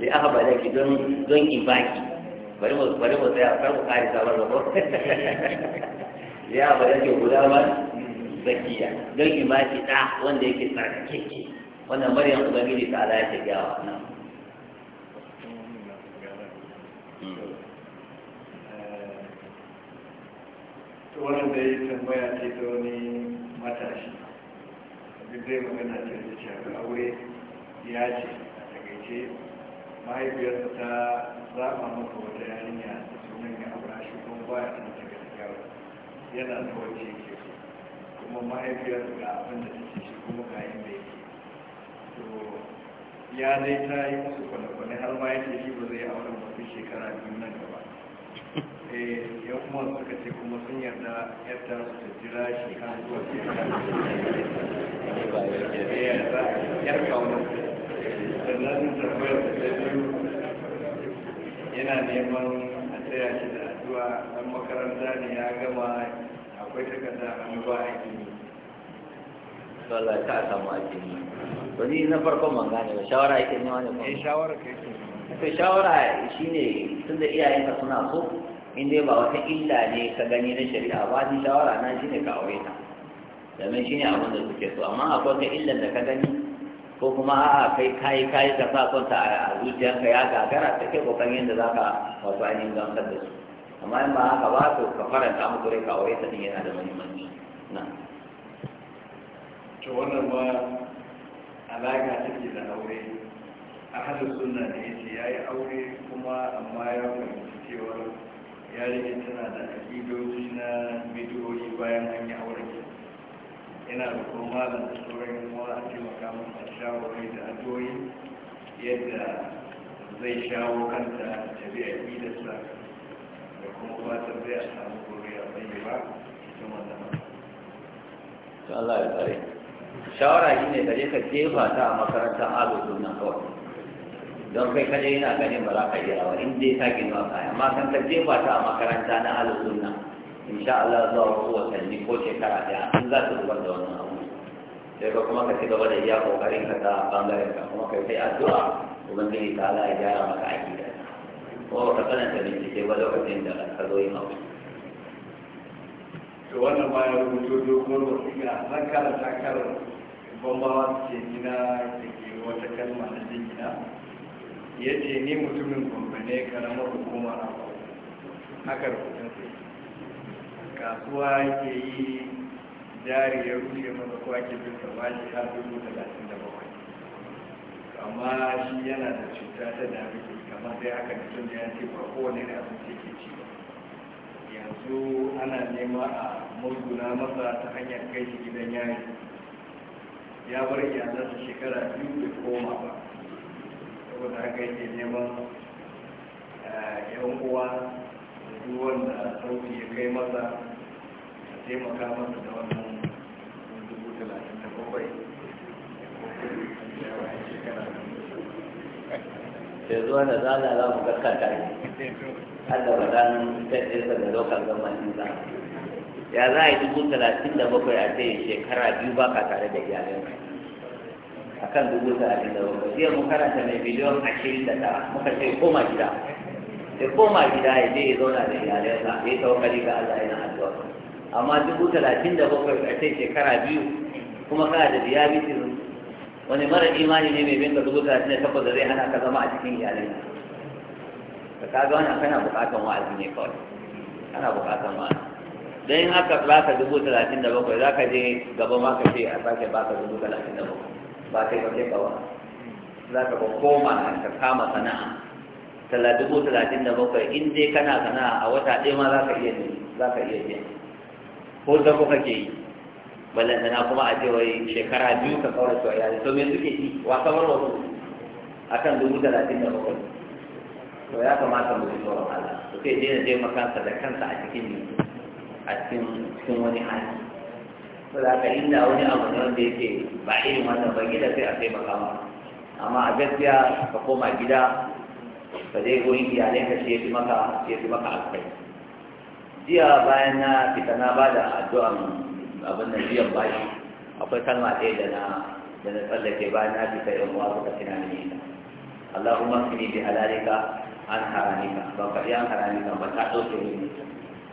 li aka balagi don don baki bari mu bari mu tsaya kar mu kare sabar ba ko ya ke guda ba hmm. zakiya don baki da wanda yake tsarkake wannan maryam ubangiji ta ala ya ta gyawa nan wannan da yi tambaya ce ta wani matashi duk zai magana ta da shafi aure ya ce a takaice mahaifiyarsa ta zama masa wata yarinya da sunan ya aura shi kuma baya tana ta gaskiya yana da wace ke so kuma mahaifiyarsa ga abin da ta ce shi kuma ga inda yake ya dai ta yi musu kwale har ma yake shi ba zai auren ba sai shekara biyu nan gaba eh, ya kuma suka ce kuma sun yarda yadda su ta jira shi kan zuwa eh, yar kauna sannan tambayar da ta biyu yana neman a tsaya shi da addu'a dan makaranta ne ya gama akwai takarda hannu ba aiki ne Allah ka mu ake ne to ni na farko man gane ba shawara yake ne wani eh shawara kai to shawara shi shine tunda iyayenka suna so in dai ba wata illa ne ka gani na shari'a ba ni shawara na shine ka aure ta domin shine abin da suke so amma akwai wata illa da ka gani ko kuma a'a kai kai kai ka sa son ta a zuciyarka ya gagara ta kai kokarin yadda zaka wato ainihin gamsar da su amma in ba haka ba to ka faranta muku rai ka aure ta din yana da muhimmanci na. to wannan ma alaƙa take da aure a halin suna da yace yayi ya yi aure kuma amma ya fahimci cewa yarinya tana da aƙidoji na bidiyoyi bayan an yi aure ina da kuma da sauran wa a taimaka masa shawarar da adoyi yadda zai shawo kanta ta bi aƙidarsa da kuma ba ta zai a samu kuriya a ba cikin wannan to Allah ya tsare shawara shi ne kaje ka jefa ta a makarantar ado suna kawai don kai kaje yana ganin ba za ka yi rawa in dai ta gina ya amma kan ka jefa ta a makaranta na ado in sha Allah zuwa wasu watanni ko shekara ɗaya in za su zubar da wannan abu sai ka kuma ka ci gaba da iya kokarin ka ta bangaren ka kuma kai sai addu'a ubangiji ta Allah ya gyara maka aiki da ko ka tsananta bincike ba lokacin da ka zo yin aure to wannan ma ya rubuto dogon wasiƙa zan ta kar bambawa ce gina da ke wata kalma na gina ya ce ni mutumin gwamnane karamar hukumar abu haka rubutun sai kasuwa ke yi jari ya rushe masa kwake bin sabashi har dubu talatin da bakwai amma shi yana da cuta ta damu kamar dai haka mutum da ya ce ba kowane ne abin ke ci yanzu ana nema a murguna masa ta hanyar kai shi gidan yari ya bar iyalansa shekara biyu da koma ba saboda haka yake neman eh, yan uwa da duk wanda sauki ya kai masa a taimaka masa da wannan dubu talatin da bakwai shekara biyu sai zuwa da zana za mu karkata ne har da wadannan tattalin da lokal gamanin za ya za a yi dubu talatin da bakwai a sai shekara biyu ba ka tare da iyalin a kan dubu talatin da bakwai jiya mu karanta mai biliyon ashirin da ɗaya muka ce koma gida sai koma gida ya je ya zauna da iyalinsa ya yi tawakali ga Allah yana addu'a amma dubu talatin da bakwai a sai shekara biyu kuma kana da diabetes wani mara imani ne mai binka dubu talatin da takwas da zai hana ka zama a cikin iyalai ka kaga wannan kana bukatan wa'azi ne kawai kana bukatan wa'azi don in aka ka dubu talatin da bakwai za ka je gaba ma ka ce a sake baka dubu talatin da bakwai ba kai ba kai kawa za ka koma ka kama sana'a tala dubu talatin da bakwai in dai kana sana'a a wata ɗaya ma za ka iya ne za ka iya biya ko da kuka ke yi ballantana kuma a ce wai shekara biyu ka kawar su a yare to me suke ci wa kamar wasu a kan dubu talatin da bakwai to ya kamata mu ji tsoron Allah to sai daina je makansa da kansa a cikin a cikin wani hali to da ka inda wani abu ne wanda yake ba irin wannan ba gida sai a kai ma amma a gaskiya ka koma gida ka je gurin iyalai ka shi ya fi maka ya maka alkai jiya bayan na fita na ba da addu'a abin da biyan bashi akwai kalma ɗaya da na da na tsallake ba na fi sai uwa suka tuna mini ita Allahumma fini bi halalika an haramika ba ka an haramika ba ta ɗauke ni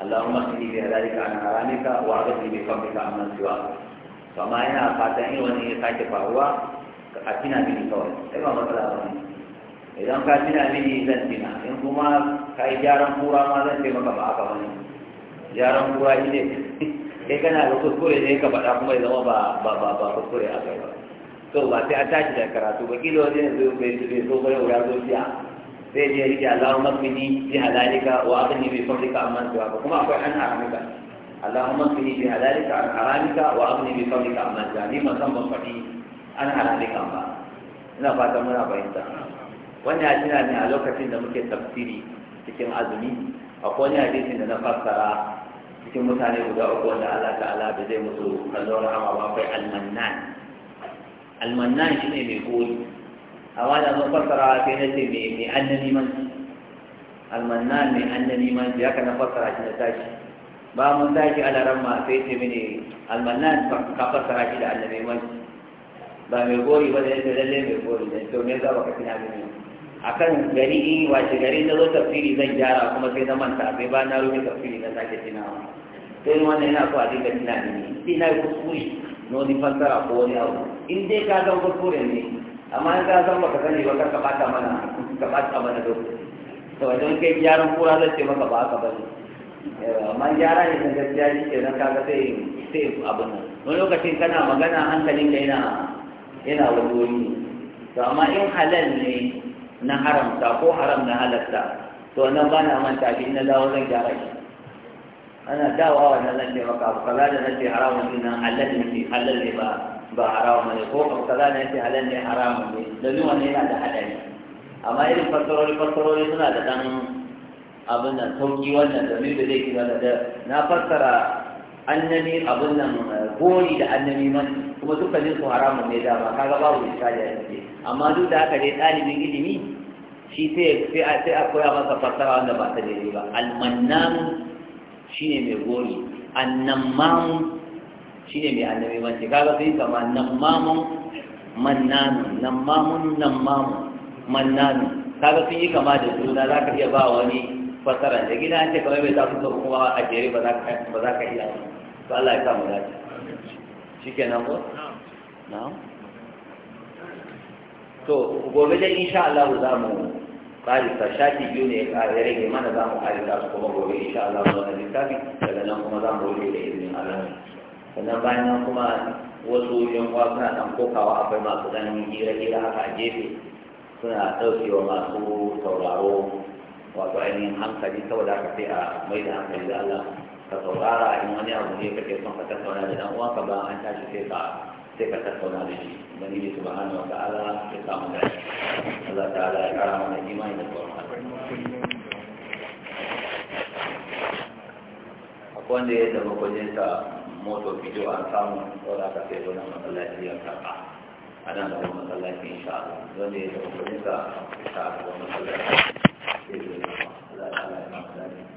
Allahumma fini bi halalika an haramika wa aghni bi fadlika amman siwa to amma ina fatan in wani ya sake faruwa a tuna mini kawai sai ba matsala ba ne idan ka tuna mini zan tuna in kuma ka yi gyaran kura ma zan taimaka ba aka wani gyaran kura ne kai kana da kuskure ne ka faɗa kuma ya zama ba ba ba ba kuskure a kai ba to ba sai a tashi da karatu ba kila wani yanzu bai su bai so bai wura siya sai je rike Allahu makmini bi halalika wa aqni bi fadlika amman ka kuma akwai an haramika Allahu makmini bi halalika an haramika wa aqni bi fadlika amman siwa ni ma san ban faɗi an haramika ba ina fatan muna fahimta wannan ya tuna ne a lokacin da muke tafsiri cikin azumi akwai wani hadisin da na fassara cikin mutane guda uku wanda Allah ta'ala da zai musu kallon rahama ba kai almannan almannan shi ne mai goyi amma da mun fassara sai na ce mai annani man almannan mai annani man ya ka na fassara shi na tashi ba mun tashi ala ramma sai ce mini almannan ka fassara shi da annabi man ba mai goyi ba da yake lalle mai goyi da to ne za ba ka tuna mini kan gari wace gari na zo tafsiri zan gyara kuma sai na manta sai ba na rufe tafsiri na sake tunawa sai wannan yana so a dinga tunani ne sai na ko kuri. na wani a ko wani abu in dai ka san kuskure ne amma in ka san baka sani ba ka bata mana ka bata mana lokaci to wajen kai gyaran kura zai ce maka ba haka ba ne amma gyara ne kan gaskiya shi ke nan kaga sai sai abin nan wani lokacin kana magana hankalin ka yana yana wani wuri to amma in halal ne na haramta ko haram na halatta to nan ba na manta shi na dawo zan gyara shi ana dawa wa nan ce maka abu kaza da nake haramun ne nan halal ne halal ne ba ba haramun ne ko abu kaza da nake halal ne haramun ne domin wannan yana da hadari amma irin fassarori-fassarori suna da dan abin nan sauki wannan domin da zai kira da na fassara annabi abin nan gori da annabi man kuma dukkanin su haramun ne da ba kaga babu misali a ciki amma duk da haka dai ɗalibin ilimi shi sai a koya masa fassara wanda ba ta daidai ba almannan ne mai gori shi ne mai annabi mace kaga sai kama mamun mannanu nan mamun mannanu kaga sun yi kama da juna za ka iya ba wani fasara da gina ce kamar mai su da kuma a jere ba za ka iya ba Allah ya sa mu dace shi ke nan ko? na to gobe dai insha Allah za mu ƙarisa shafi biyu ne ya rage mana za mu ƙarisa su kuma gobe insha Allah mu wani littafi daga nan kuma za mu rufe da izinin Allah sannan bayan nan kuma wasu yan uwa suna ɗan kokawa akwai masu ɗan gira-gira haka a gefe suna ɗaukewa masu sauraro wato ainihin hankali saboda haka sai a mai da hankali da Allah ka saurara in wani abu ne kake son ka tattauna da ɗan uwanka ba an tashi sai ka sai ka tattauna da shi ubangiji subhanahu wa ta'ala ya samu Allah ta'ala ya kara mana imani da tsoron akwai wanda ya zama kwajinsa moto bidiyo an samu saboda aka sai zo masallaci ya karɓa a nan masallaci Allah wanda ya zama kwajinsa a kusa da wani masallaci sai Allah ta'ala ya kara mana